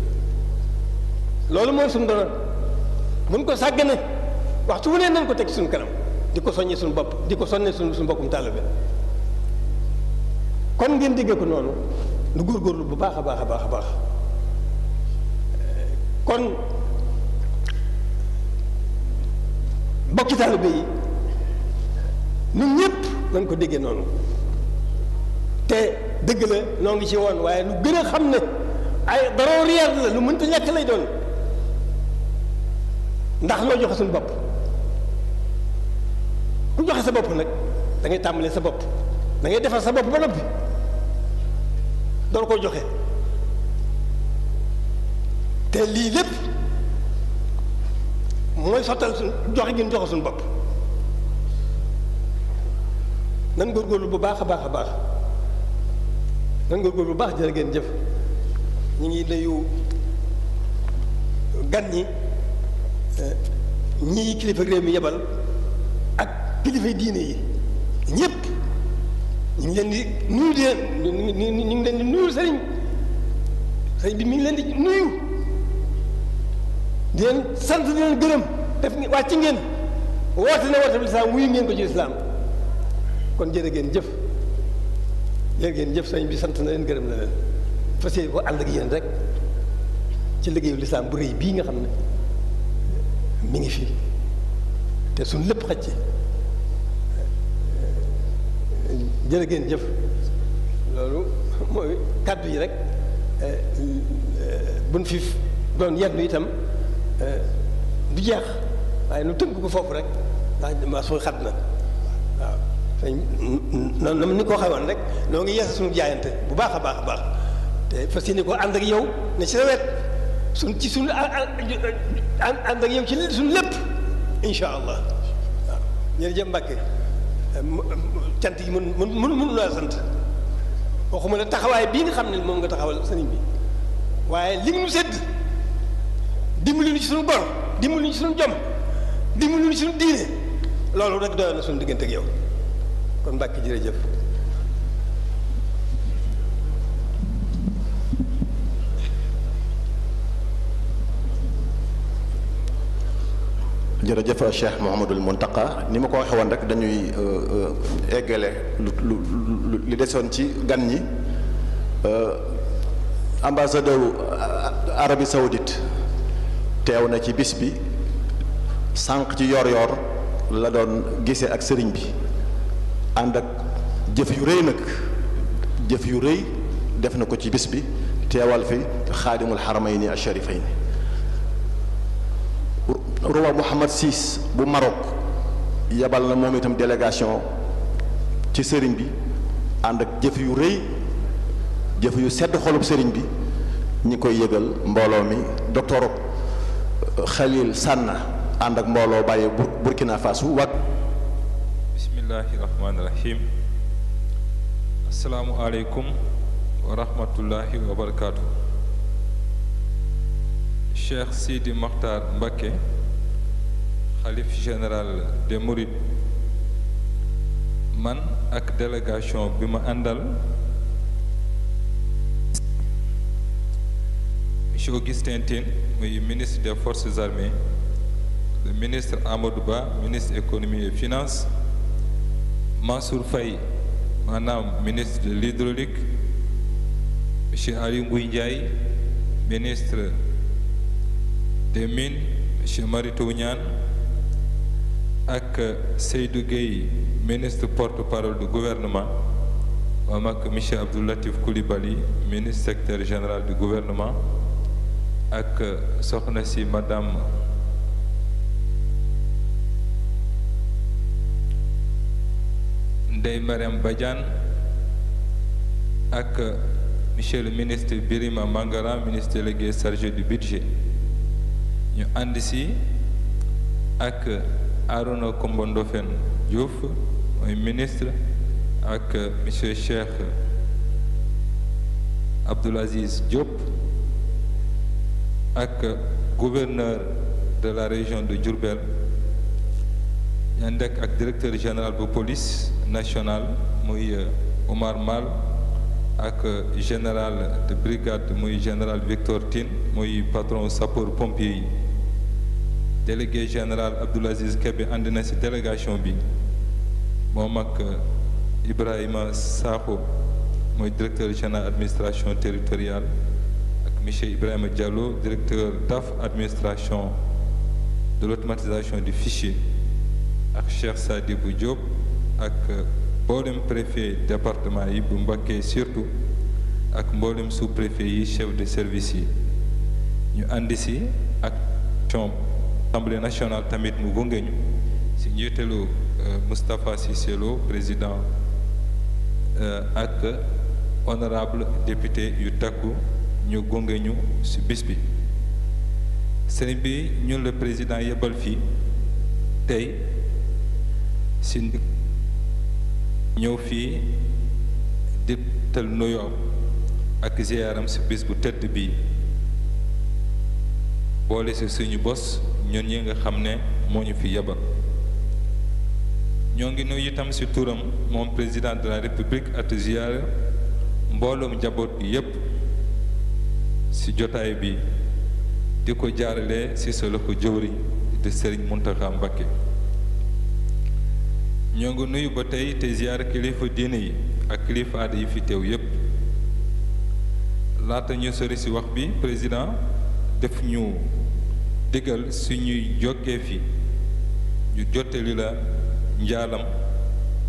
loolu mooy suñ doon buñ ko sàgg sàggane waxtu wu ne nañ ko teg suñ kanam di ko soññee suñu bopp di ko soññee suñu suñu bokkum taalibe kon ngeen déggee ko noonu lu góorlu bu baax a baax a baax a baax. kon bokki taalibe yi ñun ñëpp lañ ko déggee noonu te dëgg la noo ngi ci woon waaye lu gën a xam ne ay daruriyaat la lu mënta ñàkk lay doon ndax loo joxe suñu bopp ku joxe sa bopp nag dangay ngay tàmbalee sa bopp da ngay defar sa bopp ba noppi door koo joxe te lii lépp mooy sottal suñ joxe ngeen joxe suñu bopp nan góorgóorlu bu baax a baax a baax nan góorgóorlu bu baax jërë ngeen jëf ñu ngi nuyu gan ñi ñii kilifa réew mi yebal ak kilifa diine yi ñëpp ñu ngi leen di nuyu di leen ñu ngi leen di nuyu sëriñ sëriñ bi mi ngi leen di nuyu di sant di leen gërëm def wàcc ngeen woote na woote bi lislaam wuyu ngeen ko ci lislaam kon jërë ngeen jëf jërë ngeen jëf sëñ bi sant gërëm na leen fas yéen rek ci liggéeyu lislaam bu rëy nga xam ne mi ngi fii te suñ lépp xaj ci jërë ngeen jëf loolu mooy kàddu yi rek eh, eh, buñ fi doon yenn itam du jeex waaye nu tënk ko foofu rek ndax ma suñu xat na waaw te nam ni ko xawoon rek noo ngi yeesa suñu jaayante bu baax a baax a baax te fas yéene ko ànd ak yow ne ci nawet suñ ci sun ànd ak yow ci sun lépp incha allah waaw jërëjëf Mbacke cant yi mën mën mën mënu sant waxuma la taxawaay bii nga xam ne moom nga taxawal sëriñ bi waaye li ñu sedd dimbali ñu ci suñu bor dimbali ñu ci suñu jom dimbali ñu ci suñu diine loolu rek doy na suñu diggante ak yow kon mbàkki jërëjëf jërëjëf cheikh mohamadul muntaka ni ma ko waxe woon rek dañuy euh, euh, eggale lu li desoon ci gan ñi euh, ambassadeur arabie saoudite teew na ci bis bi sànq ci yor-yor la doon gisee ak sëriñ bi ànd ak jëf yu rëy nag jëf yu rëy def na ko ci bis bi teewal fi xaadimul xaramayni asharifayni roi Mohammed sis bu Maroc yebal na moom itam délégation ci sëriñ bi ànd ak jëf yu rëy jëf yu sedd xolub sëriñ bi ñi koy yëgal mbooloo mi docteur Khalil Sànna ànd ak mbooloo bàyyi Burkina Faso waat. bismillahi rahmaani rahim asalaamualeykum wa rahmatullahi wa barakaatu. Cheikh Sidi Makhtar Mbacké xalif général des Mourides man ak delegation bi ma àndal. Monsieur Augustin Tin, ministre des forces armées le ministre Amadou Ba ministre économie et finances, Mansour Faye ministre de l'hydraulique monsieur Ari Ngouille ministre des mines monsieur Marito Nyan, Seydou Gueye ministre porte-parole du gouvernement M. ak monsieur Koulibaly, ministre secrétaire général du gouvernement ak soxna si madame Ndeye Mariam Bajan ak monsieur le ministre Birima Mangara ministre délégué chargé du budget Nous sommes ici ak Arona kombondofen Diouf ministre ak M. Cheikh chef Diop ak gouverneur de la région de Djourbel, avec ak directeur général la police nationale euh, Omar Mal ak euh, général de brigade muy général Victor Tin, muy patron sapeur pompier délégué général Abdulaziz Aziz Kébé ci délégation bi moom ak euh, Ibrahima directeur général administration territoriale Michel Ibrahim Diallo, directeur DAF Administration de l'automatisation du fichier, avec Cher Sadi Diop avec euh, le préfet département yi Mbake surtout avec le sous-préfet yi chef de service Nous ñu ici, ak nationale tamit mu gunge euh, Moustapha président euh, avec honorable député Yutaku, ñu gunge ñu ci bis bi sëriñ bi ñun la président yebal fii tey ci ñëw fii di tal nuyoo ak ziyaaram ci bis bu tëdd bi boole ci suñu bos ñun ñi nga xam ne moo ñu fi yebal ñoo ngi nuyu itam ci turam moom président de la république ak ziyaara mbooloom njaboot bi yépp ci jotaay bi di ko jaarale ci sa loxo jëwriñ di Serigne Mountakha Mbacké ñoo ngi nuyu ba tey te ziar kilifa diine yi ak kilifa aada yi fi teew yépp laata ñu sori ci wax bi président def ñu digal suñuy jokkee fi ñu jottali la njaalam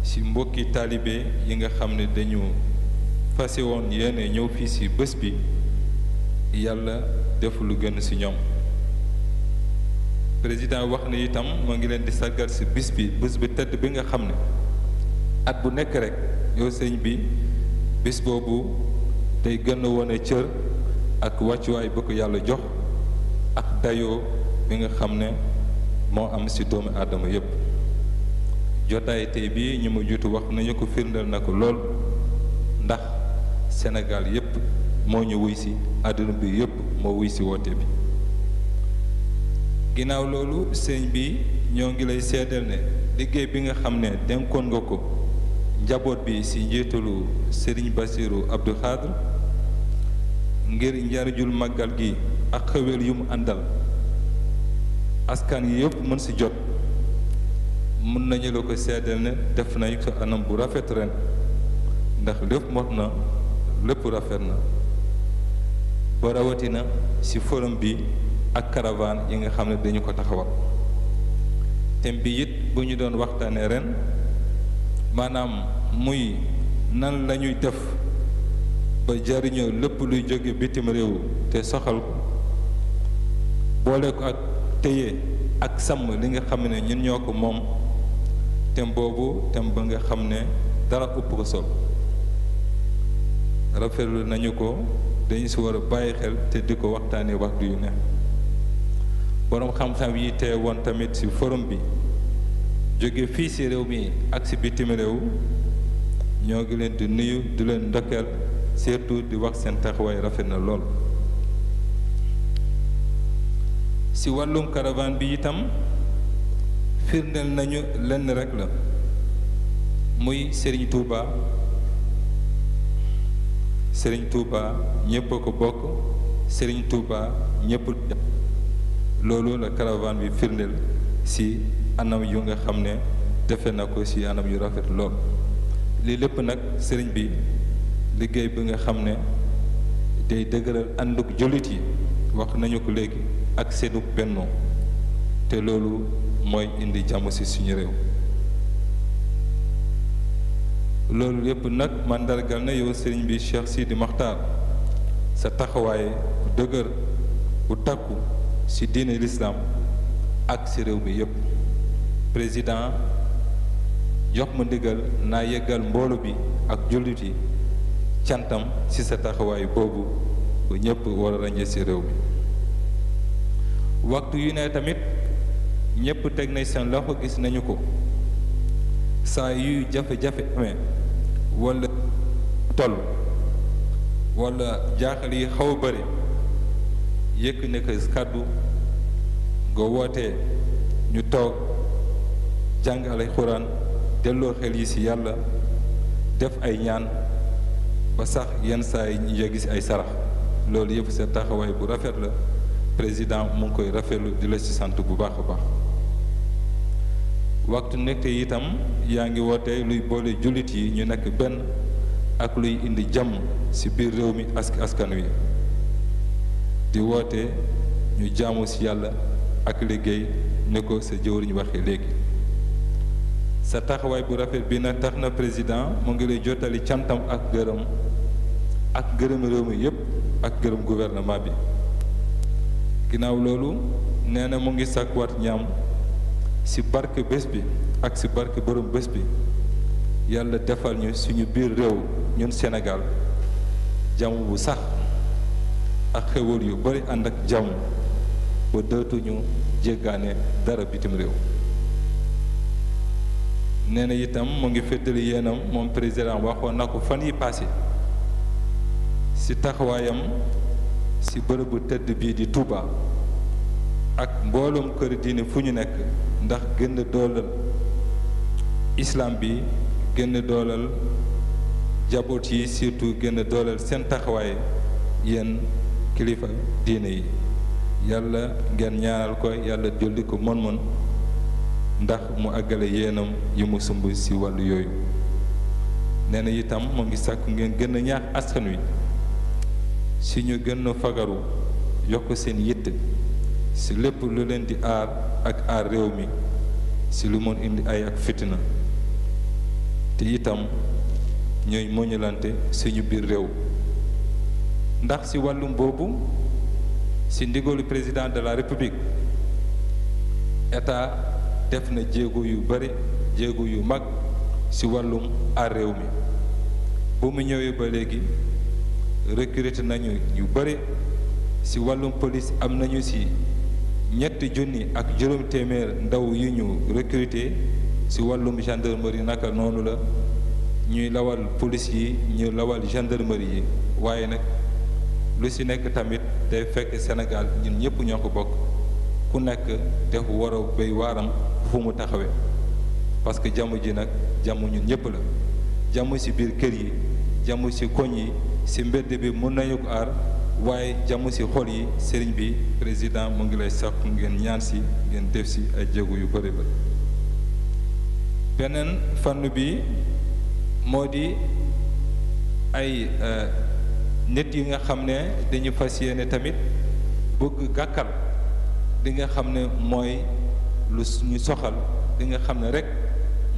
ci mbokki taalibe yi nga xam ne dañu fase woon yéene ñëw fii ci bés bi yàlla def lu gën ci ñoom président wax ni itam moo ngi leen di sargal ci bis bi bés bi tëdd bi nga xam ne at bu nekk rekk yow sëñ bi bis boobu tey gën wone cër ak wàccuwaay bu ko yàlla jox ak dayoo bi nga xam ne moo am ci doomu aadama yépp jotaay tey bii ñu ma jutu wax nañu ko firndeel na ko lool ndax Sénégal yépp moo ñu wuy si àdduna bi yépp moo wuy si woote bi ginnaaw loolu sëñ bi ñoo ngi lay seedal ne liggéey bi nga xam ne dénkoon nga ko njaboot bi ci njiitalu sëriñ Basiru Abdou Khadre ngir njariñul màggal gi ak xewel yu mu àndal askan yi yëpp mën ci jot mën nañu la ko seedal ne def nañ ko anam bu rafet ren ndax lépp mot na lépp rafet na rawatina ci forum bi ak caravane yi nga xam ne dañu ko taxawal tem bi it bu ñu doon waxtaanee ren maanaam muy nan lañuy def ba jariñoo lépp luy jóge bitim réew te soxal ko boole ko ak tëye ak sàmm li nga xam ne ñun ñoo ko moom thème boobu thème ba nga xam ne dara ëpp ko sol rafetlu nañu ko dañu si war a bàyyi xel te di ko waxtaanee wax yu ne boroom xam-xam yi tee woon tamit ci forum bi jóge fii ci réew mi ak ci bitim réew ñoo ngi leen di nuyu di leen ndokkeel surtout di wax seen taxawaay rafet na lool ci wàllum caravane bi itam firndeel nañu lenn rek la muy Serigne Touba. sëriñ Touba ñëpp a ko bokk Serigne Touba ñëpp loolu la caravane bi firndeel ci anam yu nga xam ne defe na ko ci anam yu rafet lool lii lépp nag sëriñ bi liggéey bi nga xam ne day dëgëral ànduk jullit yi wax nañu ko léegi ak seenu bennoo te loolu mooy indi jàmm ci suñu réew loolu yépp nag mandargal na yow sëriñ bi Cheikh Sidi Maxtaar sa taxawaay dëgër bu takku ci diine lislaam ak ci réew mi yépp président jox ma ndigal naa yëggal mbooloo bi ak jullit yi cantam ci sa taxawaay boobu bu ñépp war a ràññee ci réew mi waxtu yu ne tamit ñépp teg nañ seen loxo gis nañu ko saa yuy jafe-jafe amee wala toll wala jaaxal yi xaw a bëri yëkk ne kàddu nga wootee ñu toog jàng alxuraan delloo xel yi ci yàlla def ay ñaan ba sax yenn saa yi ñu yegg ci ay sarax loolu yëpp seen taxawaay bu rafet la président mu ngi koy rafetlu di la ci sant bu baax a baax waxtu nekk itam yaa ngi woote luy boole jullit yi ñu nekk benn ak luy indi jàmm ci biir réew mi ask askan wi di woote ñu jaamu ci yàlla ak liggéey ne ko sa jëwriñ waxee léegi sa taxawaay bu rafet bi nag tax na président mu ngi lay jottali cantam ak gërëm ak gërëm réew mi yépp ak gërëm gouvernement bi ginnaaw loolu nee na mu ngi wat ñam ci barke bés bi ak ci barke borom bés bi yàlla defal ñu suñu biir réew ñun senegal jàmm bu sax ak xewal yu bari ànd ak jàmm ba dootuñu jéggaane dara bitim réew neena na itam mu ngi féddali yéenam moom président waxoon na fan yi passé ci taxawaayam ci bërëbu tëdd bii di tuuba ak mbooloom kër diine fu ñu nekk ndax gën a doolal islam bi gën a doolal jaboot yi surtout gën a doolal seen taxawaay yenn kilifa diine yi yàlla ngeen ñaaral ko yàlla jolli ko mën-mën ndax mu àggale yéenam yu mu sumb ci wàll yooyu nee itam mu ngi sàkku ngeen gën a ñaax askan wi si ñu gën a fagaru yokk seen yitte ci lépp lu leen di aar ak aar réew mi ci lu moon indi ay ak fitina te itam ñooy moñalante suñu biir réew ndax si wàllum boobu si ndigalu président de la république état def na jéego yu bari jéego yu mag ci wàllum aar réew mi bu mu ñëwee ba léegi recruté nañu yu bari si wàllum police am nañu si ñetti junni ak juróom téeméer ndaw yu ñu recruté ci wàllum gendarmerie naka noonu la ñuy lawal police yi ñu lawal gendarmerie yi waaye nag lu ci nekk tamit day fekk Sénégal ñun ñëpp ñoo ko bokk ku nekk def war a waaram fu mu taxawee parce que jàmm ji nag jàmm ñun ñëpp la jàmm ci biir kër yi jàmm ci koñ yi ci mbedd bi mën nañu ko aar waaye jàmm si xol yi sëriñ bi président mu ngi lay sàkku ngeen ñaan si ngeen def si ay jéego yu bëri bëri beneen fànn bi moo di ay euh, nit yi nga xam ne dañu fas yéene tamit bëgg gàkkal li nga xam ne mooy lu ñu soxal li nga xam ne rek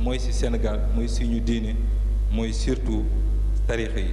mooy si Sénégal mooy suñu diine mooy surtout tarixa yi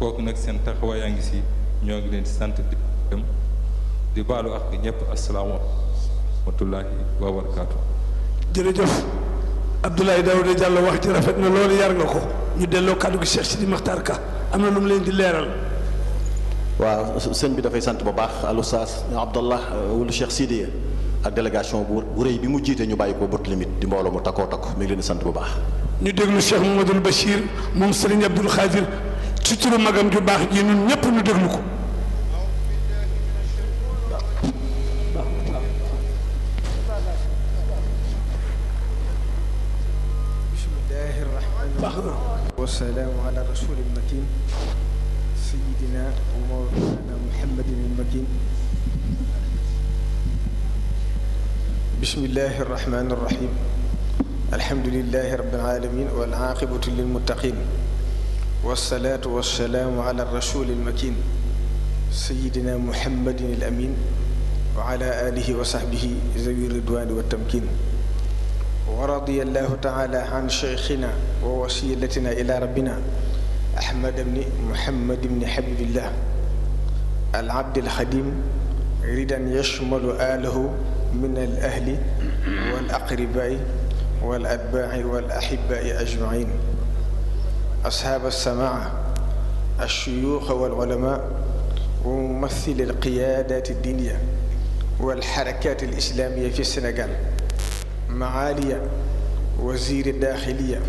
كوك نك سين تخوا ياغي سي نيوغي لين سانت ديم دي بالو اخ نيب السلام عليكم ورحمه الله وبركاته جيرجوف عبد الله داوود جالو واخ رافتنا لول يار نكو ني دلو كادو كي شيخ سيدي مختار كا امنا نوم لين دي ليرال وا سين بي دا فاي سانت بو باخ الاستاذ عبد الله ولد الشيخ سيدي ak delegation bu reuy bi mu jité ñu bayiko bot limit di mbolo mu takko takko mi ngi leen sant bu baax ñu déglu cheikh mamadou bachir mom serigne abdou khadir ci turu magam ju baax ji ñun ñëpp ñu déglu ko والسلام على رسول المكين سيدنا ومولانا محمد المكين بسم الله الرحمن الرحيم الحمد لله رب العالمين والعاقبة للمتقين والصلاة والسلام على الرسول المكين سيدنا محمد الأمين وعلى آله وصحبه ذوي الرضوان والتمكين ورضي الله تعالى عن شيخنا ووسيلتنا إلى ربنا أحمد بن محمد بن حبيب الله العبد الخديم أن يشمل آله من الأهل والأقرباء والأتباع والأحباء أجمعين أصحاب السماعة الشيوخ والعلماء وممثل القيادات الدينية والحركات الإسلامية في السنغال معالي وزير الداخلية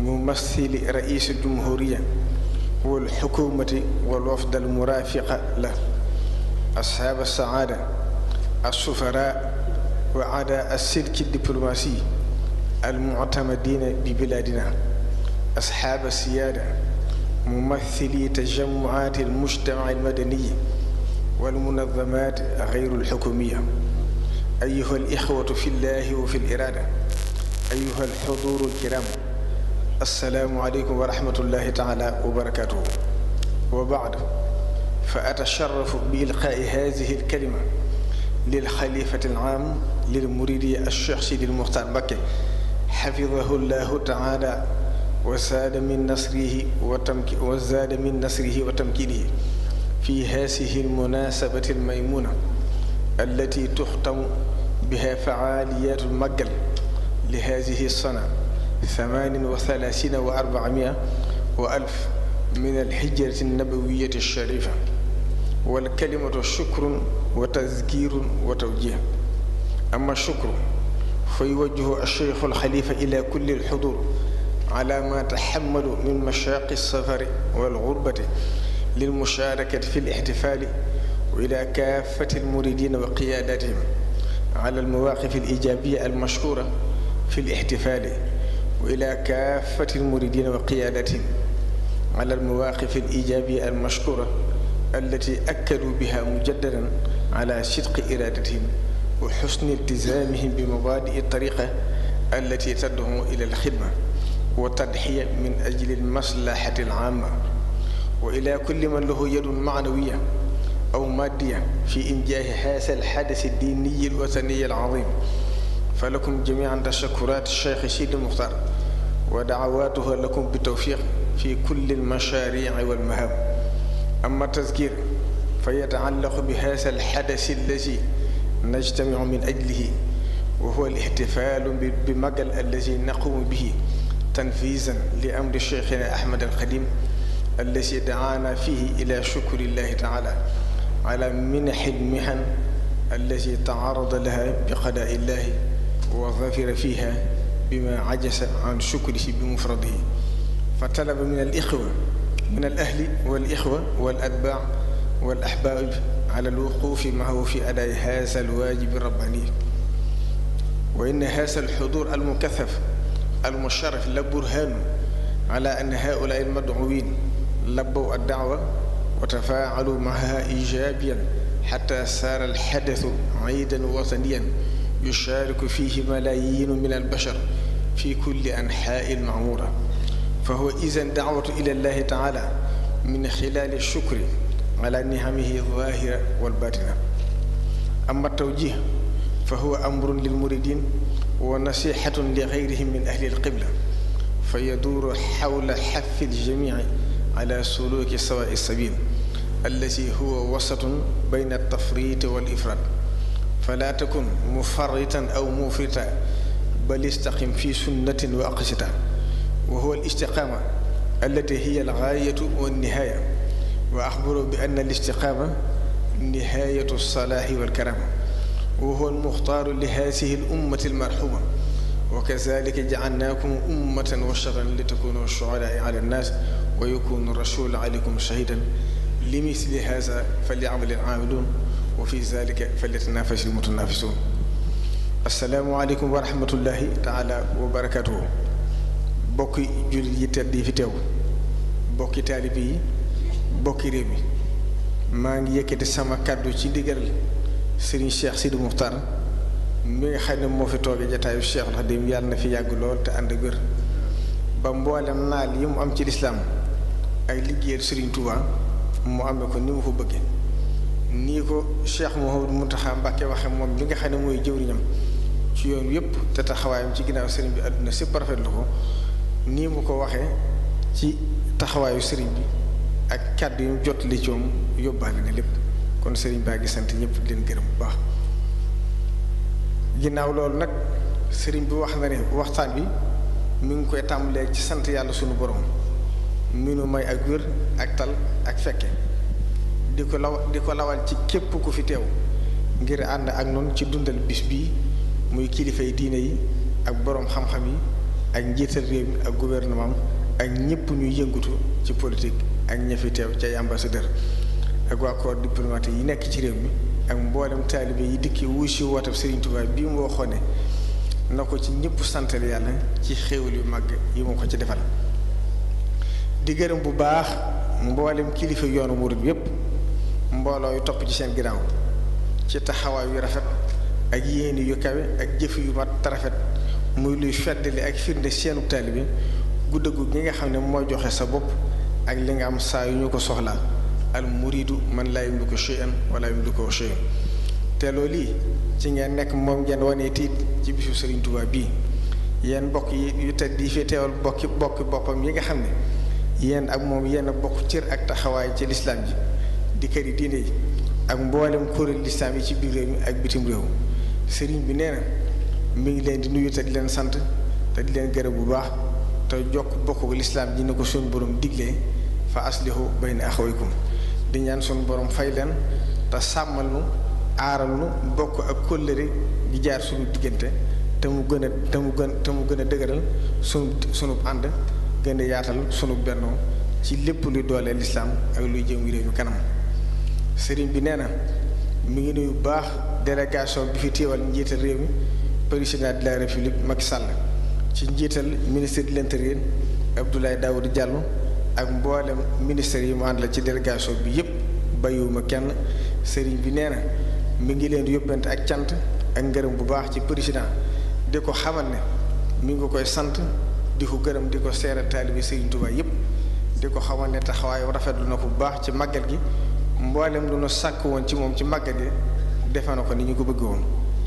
ممثل رئيس الجمهورية والحكومة والوفد المرافق له أصحاب السعادة السفراء وعلى السلك الدبلوماسي المعتمدين ببلادنا أصحاب السيادة ممثلي تجمعات المجتمع المدني والمنظمات غير الحكومية أيها الإخوة في الله وفي الإرادة أيها الحضور الكرام السلام عليكم ورحمة الله تعالى وبركاته وبعد فأتشرف بإلقاء هذه الكلمة للخليفة العام للمريد الشخصي للمختار مكة حفظه الله تعالى وزاد من نصره وتمك وزاد من نصره وتمكينه في هذه المناسبة الميمونة التي تختم بها فعاليات المجل لهذه السنة ثمان وثلاثين وأربعمائة وألف من الحجرة النبوية الشريفة والكلمة شكر وتذكير وتوجيه أما الشكر فيوجه الشيخ الخليفة إلى كل الحضور على ما تحمل من مشاق السفر والغربة للمشاركة في الاحتفال وإلى كافة المريدين وقيادتهم على المواقف الإيجابية المشهورة في الاحتفال وإلى كافة المريدين وقيادتهم على المواقف الإيجابية المشكورة التي أكدوا بها مجددا على صدق إرادتهم وحسن التزامهم بمبادئ الطريقة التي تدعو إلى الخدمة وتضحية من أجل المصلحة العامة وإلى كل من له يد معنوية أو مادية في إنجاح هذا الحدث الديني الوطني العظيم فلكم جميعا تشكرات الشيخ سيد المختار ودعواته لكم بالتوفيق في كل المشاريع والمهام أما التذكير فيتعلق بهذا الحدث الذي نجتمع من أجله وهو الاحتفال بمجل الذي نقوم به تنفيذا لأمر شيخنا أحمد القديم الذي دعانا فيه إلى شكر الله تعالى على منح المحن التي تعرض لها بقضاء الله وغفر فيها بما عجز عن شكره بمفرده فطلب من الإخوة من الأهل والإخوة والأتباع والأحباب على الوقوف معه في أداء هذا الواجب الرباني وإن هذا الحضور المكثف المشرف لا برهان على أن هؤلاء المدعوين لبوا الدعوة وتفاعلوا معها إيجابيا حتى صار الحدث عيدا وطنيا يشارك فيه ملايين من البشر في كل أنحاء المعمورة فهو إذا دعوة إلى الله تعالى من خلال الشكر على نعمه الظاهرة والباطنة أما التوجيه فهو أمر للمريدين ونصيحة لغيرهم من أهل القبلة فيدور حول حث الجميع على سلوك سواء السبيل التي هو وسط بين التفريط والإفراد فلا تكن مفرطا أو مفرطا بل استقم في سنة وأقسطا وهو الاستقامة التي هي الغاية والنهاية وأخبر بأن الاستقامة نهاية الصلاح والكرامة وهو المختار لهذه الأمة المرحومة وكذلك جعلناكم أمة وشرا لتكونوا الشعراء على الناس ويكون الرسول عليكم شهيدا لمثل هذا فليعمل العاملون وفي ذلك فليتنافس المتنافسون السلام عليكم ورحمة الله تعالى وبركاته بوكي جولي yi في yi بوكي تالي بي بوكي ريبي ما يكيد سما كادو ngi yëkkati Serigne Cheikh Sidi Moukhtar mi nga xam ne moo fi toogee jataayu Cheikh Khadim yàlla na fi yàgg lool te ànd ak wér ba mboolem naal yi mu am ci lislaam ay liggéeyal Serigne Touba mu amee ko ni mu ko bëggee nii ko Cheikh Mouhamadou Mountakha Mbacké waxe moom mi nga xam ne mooy jëwriñam ci yoon yépp te taxawaayam ci ginnaaw Serigne bi àdduna sépp rafetlu ko nii mu ko waxee ci taxawaayu Serigne bi ak kàddu yu jot li ci moom yóbbaale na lépp. kon sëriñ baa ngi sant ñëpp di leen gërëm bu baax ginnaaw loolu nag sëriñ bi wax na ne waxtaan bi mu ngi koy tàmbalee ci sant yàlla sunu borom mi nu may ak wér ak tal ak fekke di ko law di ko lawal ci képp ku fi teew ngir ànd ak noonu ci dundal bis bii muy kilifa yi diine yi ak boroom xam-xam yi ak njiital réew ak gouvernement ak ñëpp ñuy yëngutu ci politique ak ña fi teew ca ambassadeur ak waa corps diplomatique yi nekk ci réew mi ak mboolem taalibe yi dikki wuy si wootab Serigne Touba bii mu waxoon na ko ci ñëpp santal yàlla ci xéwal yu màgg yi mu ko ci defal di gërëm bu baax mboolem kilifa yoonu murid yépp mbooloo yu topp ci seen ginnaaw ci taxawaay yu rafet ak yéen yu kawe ak jëf yu mat rafet muy luy feddali ak firnde seenu taalibe guddagu gi nga xam ne moo joxe sa bopp ak li nga am saa yu ñu ko soxlaa al muridu man laa yumliku shay'an wa laa yumliku shay'un te loolu yi ci ngeen nekk moom ngeen wane tiit ci bisu Serigne Touba bii yenn mbokk yi yu tedd yi fi teewal bokki boppam yi nga xam ne yéen ak moom yenn bokk cër ak taxawaay ci lislaam ji di kër yi diine yi ak mboolem kuréel lislaam yi ci biir réew mi ak bitim réew sëriñ bi neena mu ngi leen di nuyu te di leen sant te di leen gërëm bu baax te jokk bokk lislaam ji ne ko suñu borom diglee fa aslihu bayna axawaykum di ñaan suñu borom fay leen te sàmmal nu aaral nu bokk ak kóllëri di jaar suñu diggante te mu gën a te mu gën te mu gën a dëgëral suñu suñu ànd gën a yaatal suñu benn ci lépp luy doole lislaam ak luy jëm réew mi kanam sëriñ bi nee na mi ngi nuyu baax délégation bi fi teewal njiital réew mi président de la république Macky Sall ci njiital ministre de l' intérieur Abdoulaye Daouda Diallo ak mboolem ministère yi mu ànd la ci délégation bi bàyyiwuma kenn sëriñ bi nee na mi ngi leen di yóbbante ak cant ak ngërëm bu baax ci président di ko xamal ne mu ngi koy sant di ko gërëm di ko seere taalibi sëriñ Tuubaa yépp di ko xamal ne taxawaayu rafetlu na ko bu baax ci màggal gi mboolem lu nu sàkk woon ci moom ci màggal gi defe na ko ni ñu ko bëgg woon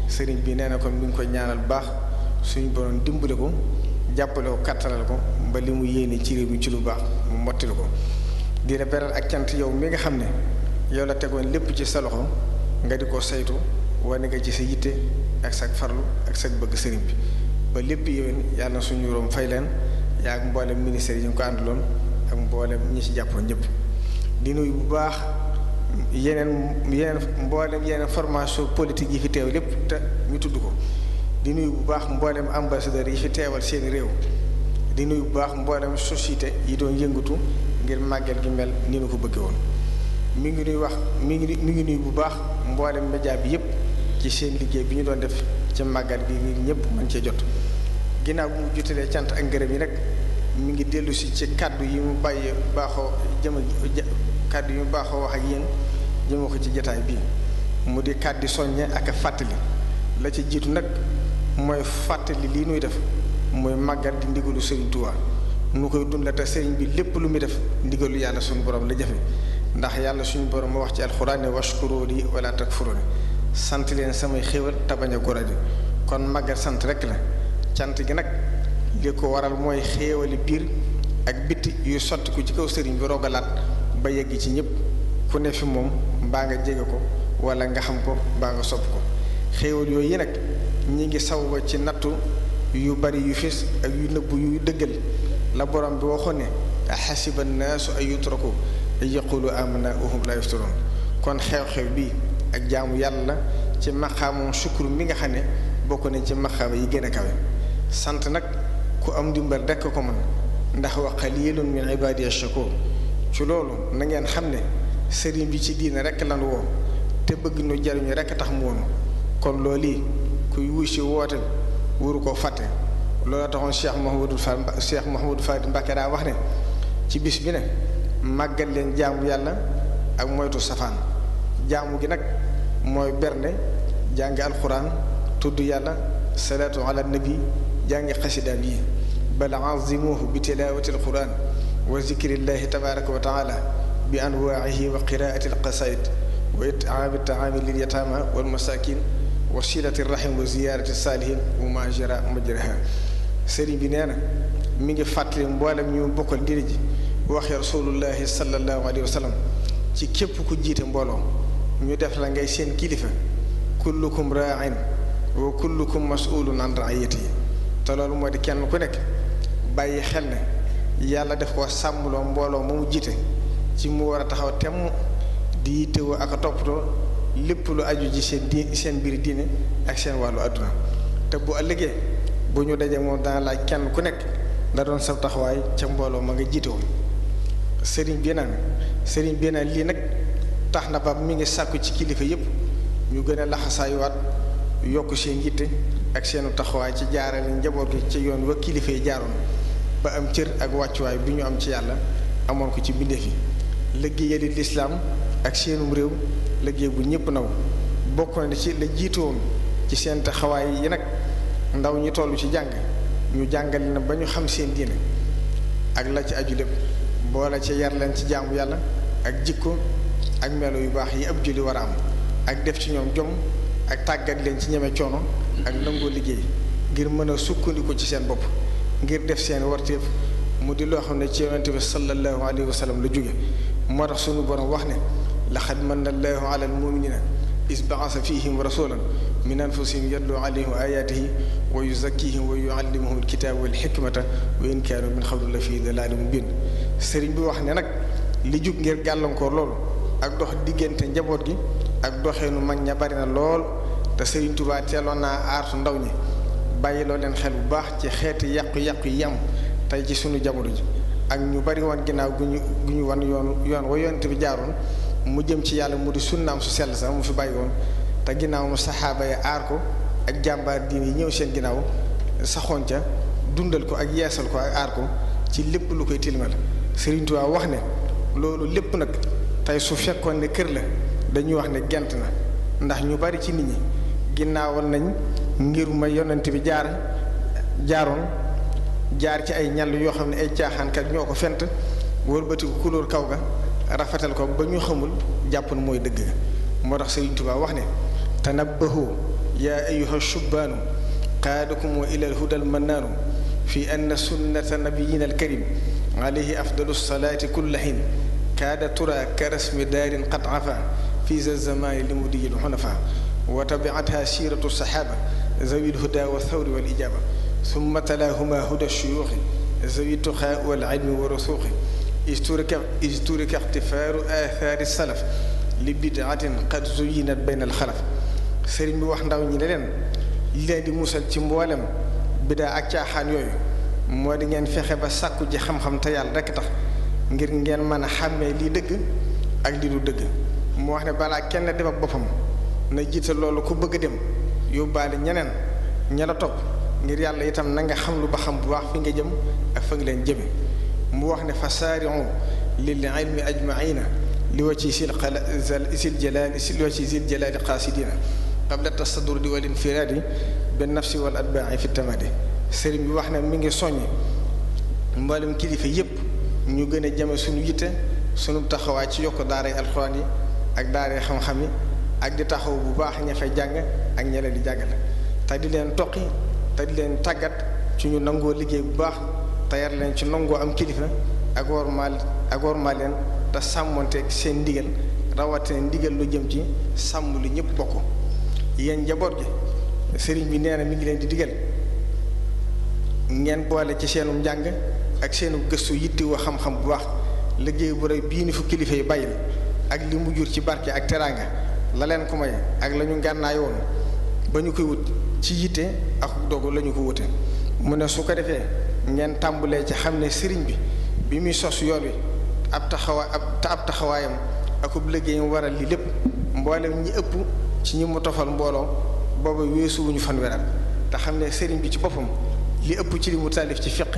sëriñ bi nee na kon mi ngi koy ñaanal baax suñu borom dimbale ko jàppale ko kattanal ko ba li mu yéene ci réew mi ci lu baax mu mottali ko di cant yow mi xam ne yow la tegoon lépp ci sa loxo nga di ko saytu wane nga ci sa yitte ak sa farlu ak sa bëgg sëriñ bi ba lépp yéwén yàlla na suñu room fay leen yaa ak mboolem ministère yi ñu ko àndaloon ak mboolem ñi ci jàppoon ñëpp di nuyu bu baax yeneen yeneen mboolem yeneen formation politique yi fi teew lépp te ñu tudd ko di nuyu bu baax mboolem ambassadeur yi fi teewal seeni réew di nuyu bu baax mboolem société yi doon yëngatu ngir màggal gi mel ni nu ko bëggee woon. mi ngi nuy wax mi ngi mi ngi nuy bu baax mboole média bi yépp ci seen liggéey bi ñu doon def ci màggat gi ngi ñépp mën cee jot ginnaaw bu mu jutalee cant ak ngërëm nag mi ngi dellu si ci kàddu yi mu bàyyi baaxoo jëma kàddu yi mu baaxoo wax ak yéen jëma ko ci jataay bii mu di kàddi soññe ak fàttali la ci jiitu nag mooy fàttali lii nuy def mooy màggat di ndigalu Sëriñ Tuubaa nu koy dundal te sëriñ bi lépp lu muy def ndigalu yàlla sunu borom la jafe ndax yàlla suñu borom moo wax ci alxuraan ne washkuru li wala takfuruni sant leen samay xéwal tabañ a goradi kon màggal sant rek la cant gi nag li ko waral mooy xéewali biir ak bitti yu sotti ko ci kaw sëriñ bi rogalaat ba yegg ci ñëpp ku ne fi moom mbaa nga jege ko walla nga xam ko mbaa nga sob ko xéewal yooyu yi nag ñi ngi saw ba ci nattu yu bari yu fis ak yu nëbb yu dëggal la borom bi waxoon ne xasiba naasu ay yutraku yaqulu am wa hum la yaftarun kon xew-xew bi ak jaamu yàlla ci maqaamam sukkur mi nga xam ne bokk nañ ci maqaama yi gën a kawe sant nag ku am ndimbal rekk ko mën ndax wa qalilun ci loolu na ngeen xam ne sëriñ bi ci diine rekk lan woo te bëgg nu jariñu rekk tax mu woonu kon loolu yi kuy wuusi woote wuru ko fàtte loolu taxoon Cheikh Mouhamadou Fall Cheikh Mouhamadou Fall Mbacké daa wax ne ci bis bi ne magal leen jaamu yàlla ak moytu safaan jaamu gi nag mooy berne jàngi alquran tudd yàlla salatu ala nabi jàngi xasidaam yi bal azimuhu bi tilawati alquran wa llahi tabaraka wa taala bi anwaahi wa qiraati alqasaid wa itaami taami lil yataama wal masakin wa silati rahim wa ziyaarati salihin wa ma jara majraha sëriñ bi nee na mi ngi fàttali mboolem ñu bokkal diine ji waxee rasulullahi sallallahu alayhi wa sallam ci képp ku jiite mbooloo ñu def la ngay seen kilifa kullukum raain wa kullukum mas'ulun an raayati te loolu moo di kenn ku nekk bàyyi xel ne yàlla def ko sàmmloo mbooloo mu jiite ci mu war a taxaw temm di yittewoo ak toppatoo lépp lu aju ji seen di seen biir diine ak seen wàllu àdduna te bu ëllëgee bu ñu dajee moom dana laaj kenn ku nekk da doon sab taxawaay ca mbooloo ma nga jiite sëriñ bi naan sëriñ bi naan lii nag tax na ba mu ngi sàkku ci kilifa yépp ñu gën a laxasaayuwaat yokk seen yitte ak seenu taxawaay ci jaarale njaboot gi ci yoon wa kilifa yi jaaroon ba am cër ak wàccuwaay bi ñu am ci yàlla amoon ko ci mbindeef yi liggéeyali lislaam ak seenum réew liggéey bu ñépp naw bokk ci la jiitoon ci seen taxawaay yi nag ndaw ñi toll ci jàng ñu jàngale na ba ñu xam seen diine ak la ci aju lépp boole ci yar leen ci jaamu yàlla ak jikko ak melo yu baax yi ab julli war a am ak def ci ñoom jom ak tàggat leen ci ñeme coono ak nangoo liggéey ngir mën a sukkandiku ci seen bopp ngir def seen warteef mu di loo xam ne ci yonente bi sallallahu alayhi wa sallam la jóge moo tax sunu borom wax ne laqad manna allahu ala al muminina isbaasa fihim rasulan min anfusihim yadlu alayhim ayatihi wa yuzakkihim wa yuallimuhum alkitaba walhikmata wa in kanu min xablu la fi dalalin mubin sëriñ bi wax ne nag li jug ngir gàllankoor lool ak dox diggante njaboot gi ak doxeenu mag ña bari na lool te sëriñ Tuubaa teeloon naa su ndaw ñi bàyyi loo leen xel bu baax ci xeeti yàqu-yàqu yi am tey ci sunu jamono ji ak ñu bari woon ginnaaw gu ñu gu ñu wan yoon yoon wa bi jaaroon mu jëm ci yàlla mu di sunnaam su sell sax mu fi bàyyi woon te ginnaaw mu saxaaba ya aar ko ak jàmbaar diin yi ñëw seen ginnaaw saxoon ca dundal ko ak yeesal ko ak aar ci lépp lu koy tilmal Serigne Touba wax ne loolu lépp nag tey su fekkoon ne kër la dañuy wax ne gent na ndax ñu bari ci nit ñi ginnaawal nañ ngir ma yonent bi jaar jaaroon jaar ci ay ñal yoo xam ne ay caaxaankat ñoo ko fent wëlbati ko couleur kaw ga rafetal ko ba ñu xamul jàpp na mooy dëgg moo tax Serigne Touba wax ne te tanabbahu yaa ayyuha shubbaanu qaadakumu ila al huda al mannaanu fi anna sunnata nabiyina al karim عليه أفضل الصلاة كل حين كاد ترى كرسم دار قد عفا في ذا الزمان لمدي الحنفاء وتبعتها سيرة الصحابة ذوي الهدى والثور والإجابة ثم تلاهما هدى الشيوخ ذوي التقاء والعلم والرسوخ إذ ترك اختفار آثار السلف لبدعة قد زينت بين الخلف sëriñ وحنا wax ndaw ñi ne بدا أكا leen di moo di ngeen fexe ba sàkku ji xam-xam te yàlla rek tax ngir ngeen mën a xàmmee li dëgg ak li du dëgg mu wax ne balaa kenn dem ak boppam na jiital loolu ku bëgg a dem yóbbaale ñeneen ña la topp ngir yàlla itam na nga xam lu ba xam bu baax fi nga jëm ak fa nga leen jëme mu wax ne fa saariu lil ilmi ajmaina li wa ci sil sil jalaali li wa ci sil jalaali qaasidina qabla tasaddur di walin infiraadi bi nafsi wal atbaai fi tamadi sëriñ bi wax na mi ngi soññ mboolem kilifa yépp ñu gën a jame suñu yitte suñu taxawaay ci yokk daaray alxuraan yi ak daaray xam-xam yi ak di taxaw bu baax ña fay jàng ak ña leen di jàngale te di leen toqi te di leen tàggat ci ñu nangoo liggéey bu baax te yar leen ci nangoo am kilifa ak wormaal ak wormaal leen te sàmmonteeg seen ndigal rawatina ndigal lu jëm ci sàmm lu ñëpp bokk yéen njaboot gi sëriñ bi nee na mi ngi leen di digal ngeen boole ci seenu njàng ak seenu gëstu yittewoo xam-xam bu baax liggéey bu rëy bii ni fu kilifa yi bàyyil ak li mu jur ci barke ak teraanga la leen ko moy ak lañu ñu ngànnaay woon ba ñu koy wut ci yitte ak dogu lañu ñu ko wute mu ne su ko defee ngeen tàmbulee ci xam ne sëriñ bi bi muy sos yoon wi ab taxawa ab taxawaayam akub liggéeyam waral lii lépp mboolem ñi ëpp ci ñi mu tofal mbooloo booba weesuwuñu fanweer te xam ne sëriñ bi ci boppam li ëpp ci li mu taalif ci fiq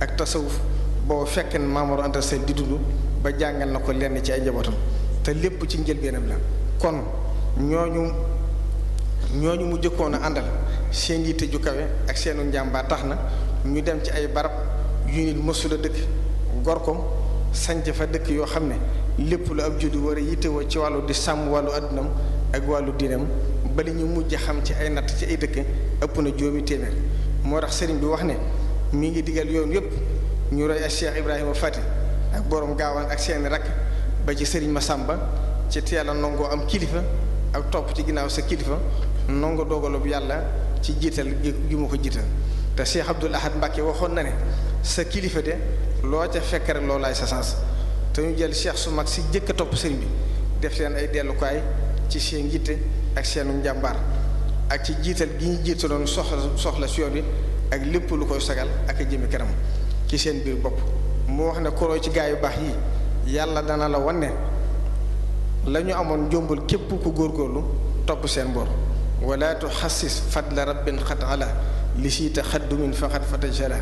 ak tasawuf boo fekkee ne Maam Mor Anta di dund ba jàngal na ko lenn ci ay njabootam te lépp ci njëlbeenam la kon ñooñu ñooñu mu jëkkoon a àndal seen yitte ju kawe ak seenu njàmbaar tax na ñu dem ci ay barab yu nit mësula dëkk gor ko sanc fa dëkk yoo xam ne lépp lu ab juddu war a yittewoo ci wàllu di sàmm wàllu addunam ak wàllu diinam ba ñu mujj xam ci ay natt ci ay dëkk ëpp na juróomi téeméer moo tax sëriñ bi wax ne mi ngi digal yoon yëpp ñu roy ak Cheikh Ibrahima Fati ak borom gaawaan ak seeni rakk ba ci sëriñ Masamba ci teel a nangoo am kilifa ak topp ci ginnaaw sa kilifa nongo dogalub yàlla ci jiital gi mu ko jiital te Cheikh Abdoul Ahad Mbacke waxoon na ne sa kilifa de loo ca fekk rek loolaay sa sens te ñu jël cheikh su mag si jëkk a topp sëriñ bi def seen ay dellukaay ci seen njiite ak seenu njàmbaar ak ci jiital gi ñu jiitaloon soxla soxla si yoon wi ak lépp lu koy sagal ak jëmi kanam ci seen biir bopp mu wax ne koroo ci gaa yu baax yi yàlla dana la wan ne la ñu amoon jombul képp ku góorgóorlu topp seen boor wala tuxassis fadla rabbin xat ala li siita xaddumin faqad fatajala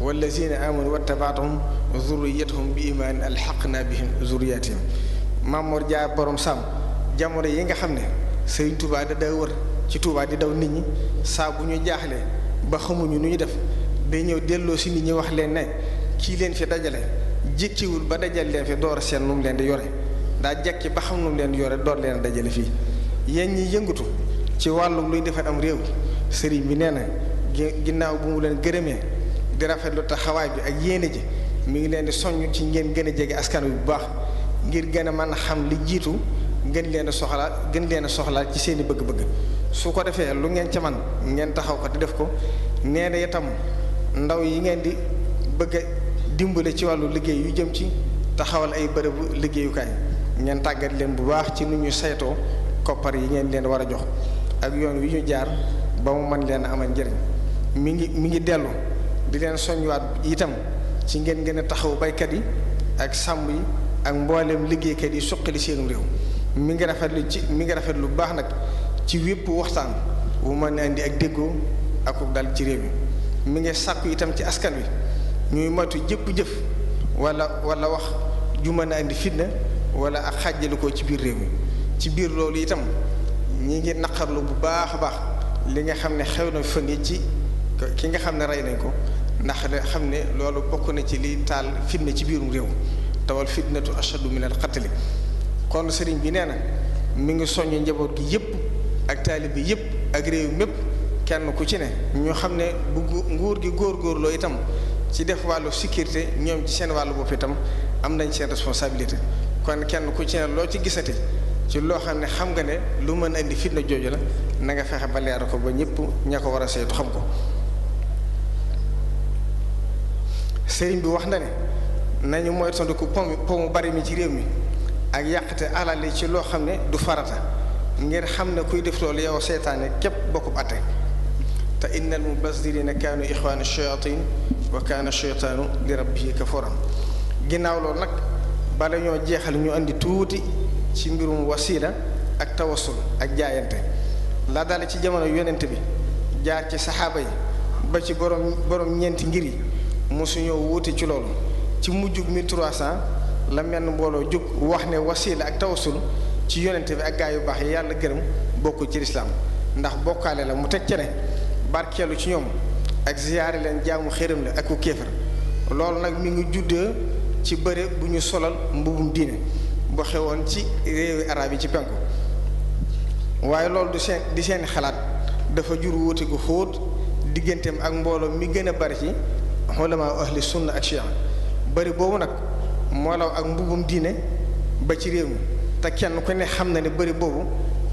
wallazina amanu wattabaatuhum zurriyatuhum bi imaan alxaqna bihim zurriyatihim Mamor Dia borom Sam jamono yi nga xam ne Sëriñ Tuubaa da daa wër ci tuubaa di daw nit ñi saa bu ñu jaaxlee ba xamuñu nu ñu def day ñëw delloo si nit ñi wax leen ne kii leen fi dajale jékkiwul ba dajal leen fi door seen nu mu leen di yore daa jekki ba xam nu mu leen di yore door leen dajale fii yéen ñi yëngatu ci wàllu luy defar am réew sëriñ bi nee na ginnaaw bu mu leen gërëmee di rafetlu taxawaay bi ak yéene ji mu ngi leen di soññ ci ngeen gën a jege askan wi bu baax ngir gën a mën a xam li jiitu gën leen soxla gën leen a soxla ci seeni bëgg-bëgg su ko defee lu ngeen ca man ngeen taxaw ko di def ko nee na itam ndaw yi ngeen di bëgg a dimbale ci wàllu liggéey yu jëm ci taxawal ay bërëbu liggéeyukaay ngeen tàggat leen bu baax ci nu ñu saytoo koppar yi ngeen leen war a jox ak yoon wi ñu jaar ba mu mën leen amal njëriñ mi ngi mi ngi dellu di leen soññuwaat itam ci ngeen gën a taxaw baykat yi ak sàmm yi ak mbooleem liggéeykat yi suqali seenu réew mi ngi rafetlu ci mi ngi rafet lu baax nag ci waxtaan wu mën a indi ak déggoo ak dal ci réew mi ngi sàkku ci askan wi ñuy matu jëpp jëf wala wala wax ju mën indi fitna wala ak xàjjali ko ci biir réew mi ci biir loolu itam ñi ngi naqarlu bu baax a baax li nga xam ne xew na fan ci ki nga xam ne rey nañ ko ndax xam ne loolu bokk na ci li taal fitna ci biirum réew tawal fitnatu ashadu min al qatli kon sëriñ bi nee na mi ngi soññ njaboot gi yépp ak taalibe yëpp ak réew mépp kenn ku ci ne ñu xam ne bu nguur gi góor góorgóorloo itam ci def wàllu sécurité ñoom ci seen wàllu bopp itam am nañ seen responsabilité kon kenn ku ci ne loo ci gisati ci loo xam ne xam nga ne lu mën a indi fitna jooju la nanga nga fexe ba leer ko ba ñëpp ña ko war a saytu xam ko sëriñ bi wax na ne nañu moytandiku pom mu bari mi ci réew mi ak yàqate alal yi ci loo xam ne du farata ngir xam ne kuy def loolu yow seytaane képp bokkub atte te innal mubasdirina kaanu ixwaana shayatin wa kaana shaytaanu li rabbihi kafuran ginnaaw loolu nag bala ñoo jeexal ñu andi tuuti ci mbirum wasiila ak tawasul ak jaayante la dale ci jamono yonent bi jaar ci saxaaba yi ba ci borom borom ñeenti ngir yi mosuñoo wuute ci loolu ci mujjug 1300 la menn mbooloo jug wax ne wasiila ak tawasul ci yonente bi ak gaa yu baax yi yàlla gërëm bokkul ci lislaam ndax bokkaale la mu teg ca ne barkeelu ci ñoom ak ziyaare leen jaamu xërëm la ak ku kéefar loolu nag mu ngi juddee ci bëre bu ñu solal mbubum diine bu xewoon ci réewi arab yi ci penku waaye loolu du seen di seen xalaat dafa jur wuute gu xóot digganteem ak mbooloo mi gën a bari ci xulamaa ahli sunna ak chia bëri boobu nag moolaw ak mbubum diine ba ci réew mi te kenn ku ne xam na ne bëri boobu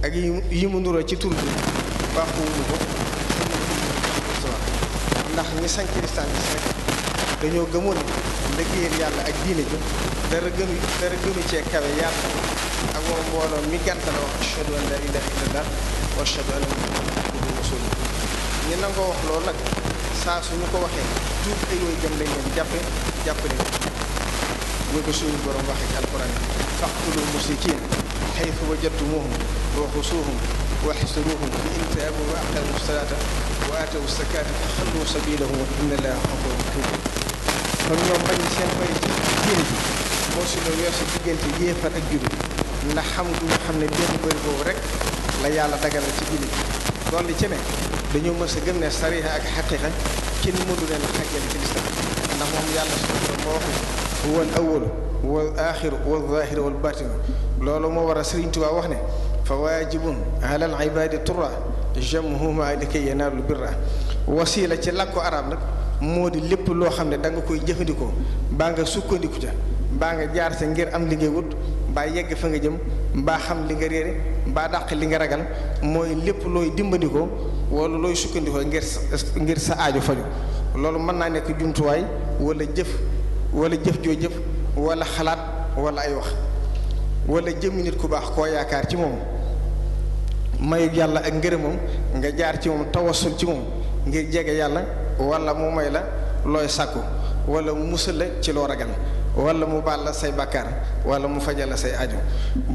ak yi mu nuroo ci tur bi baaxul wu ko ndax ñi dañoo gëmoon yàlla ak diine ji dara gënu dara gënu cee mbooloo mi gàntal wax ashhadu an laa ilaaha illallaah wa ashhadu anna loolu nag saa su ñu ko waxee tuub ay woy jëm lañ leen jàppe jàppale borom waxee alxuraan فاقتلوا المشركين حيث وجدتموهم وخصوهم واحصروهم فإن تابوا وأقاموا الصلاة وآتوا الزكاة فخلوا سبيلهم إن الله غفور رحيم فمن يوم بني سين فايت جيلتي موسي لو يوسي تجيلتي جيفا تجيلتي نحمد محمد بن بن بورك لا يالا دغال سي جيلتي دون لي تيمي دانيو مسا گن نه صريحه اك حقيقه كين مودو نه حاجه لي الاسلام ndax mom yalla subhanahu wa ta'ala huwa والآخر والظاهر والباطن لولو ما ورا سرين توا وحنا فواجب على العباد ترى جمعهما لكي ينال البر وسيلة لك عربنا مود لب لو خمنا دعو كوي جهديكو بانغ سوكو ديكو جا بانغ جار سنجر أم لجود بايعك فنج جم باهم لجريري بعد أخذ لجرجال مود لب لو يديم ديكو ولو يسوكو ديكو انجر انجر ساعة جفلو لولو ما نانيك جنتواي ولا جف ولا جف جو جف wala xalaat wala ay wax wala jëmm nit ku baax koo yaakaar ci moom mayu yàlla ak ngërëmam nga jaar ci moom tawasul ci moom ngir jege yàlla walla mu may la looy sàkku walla mu musal la ci loo ragal walla mu baal la say bàkkaar wala mu fajal la say aju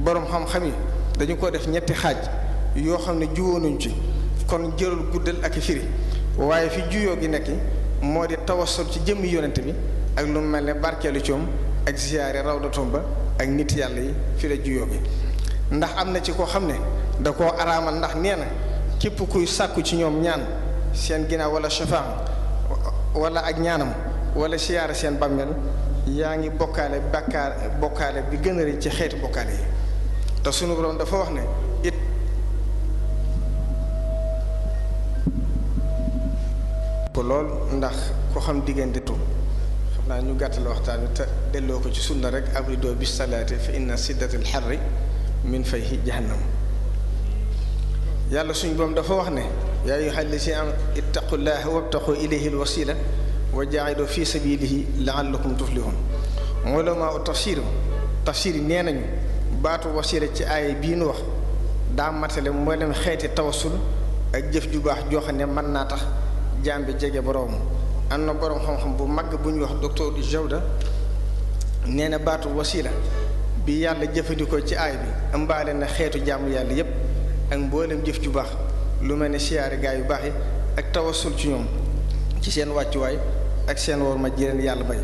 boroom xam-xam yi dañu ko def ñetti xaaj yoo xam ne nuñ ci kon jërul guddal ak firi waaye fi juyoo gi nekk moo di tawasul ci jëmmi yonent bi ak lu mel ne barkeelu ci coom ak ziyaare raw da tomba ak nit yàlla yi fi la juyoo bi ndax am na ci koo xam ne da koo araamal ndax nee na képp kuy sàkku ci ñoom ñaan seen ginaaw wala chafaan wala ak ñaanam wala siyaare seen bàmmeel yaa ngi bokkaale bàkkaar bi gëna a ci xeeti bokkaale yi te sunu borom dafa wax ne it lool ndax ko xam diggante tu naa ñu gàttal waxtaan wi te delloo ko ci sunna rek abridoo bi salaate fa inna siddatal xarri min fayhi jahannam yàlla suñ boom dafa wax ne yaa ayyuhal lazina am ittaqullaha wabtaqu ilayhi alwasila wa jaahidu fi sabilihi la'allakum tuflihun ulama u tafsir tafsir nee nañu baatu wasila ci aay bii nu wax daa matale mboolem xeeti tawasul ak jëf ju baax joo xam ne mën naa tax jaam bi jege boroom am na borom xam-xam bu mag bu ñuy wax docteur du jawda nee na baatu wasila bi yàlla jëfandikoo ci aay bi ëmbaale na xeetu jàmm yàlla yépp ak mboolem jëf ju baax lu mel ne siyaare gaa yu baax yi ak tawassul ci ñoom ci seen wàccuwaay ak seen wor ma ji leen yàlla bay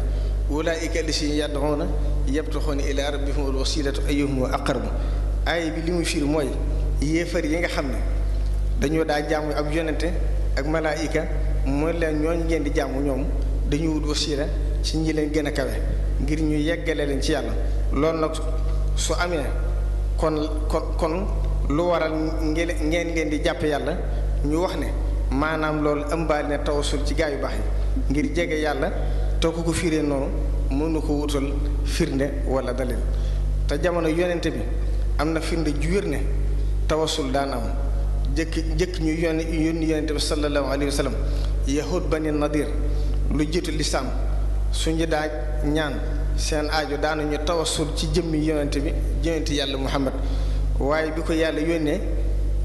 ulaa'ika allasiina yad'uuna yabtaxuuna ilaa rabbihimul wasiilata ayyuhum aqrabu aay bi li muy firi mooy yéefar yi nga xam ne dañoo daa jàmm ab yonente ak malaayika mooy leen ñooñ ngeen di jàmm ñoom dañu wut wasiila ci ñi leen gën a kawe ngir ñu yeggale leen ci yàlla lool nag su amee kon kon kon lu waral ngeen ngeen di jàpp yàlla ñu wax ne maanaam loolu ëmbaal ne tawasul ci gaa yu baax yi ngir jege yàlla te ku ko firee noonu mënu ko wutal firnde wala dalil te jamono yonente bi am na firnde ju wér ne tawasul daan am jëkk jëkk ñu yónni yónni yonente bi sallallahu alayhi wa yahud bani nadir lu jiitu lislaam suñu daa ñaan seen aajo daanañu tawasul ci jëmmi yonent bi yonent yàlla muhammad waaye bi ko yàlla yónnee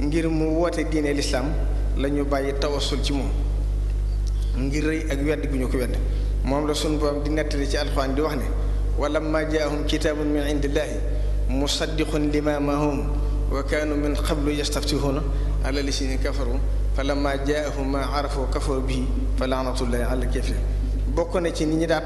ngir mu woote diine lislaam la ñu bàyyi tawasul ci moom ngir rëy ak wedd gu ñu ko wedd moom la suñu borom di nettali ci alxuraan di wax ne walamma jaahum kitaabun min indillaahi musaddiqun lima mahum wa kaanu min qablu yastaftihuuna ala lisini kafaru فلما جاءهم ما عرفوا كفروا به فلعنة الله على الكافرين بوكو نتي دا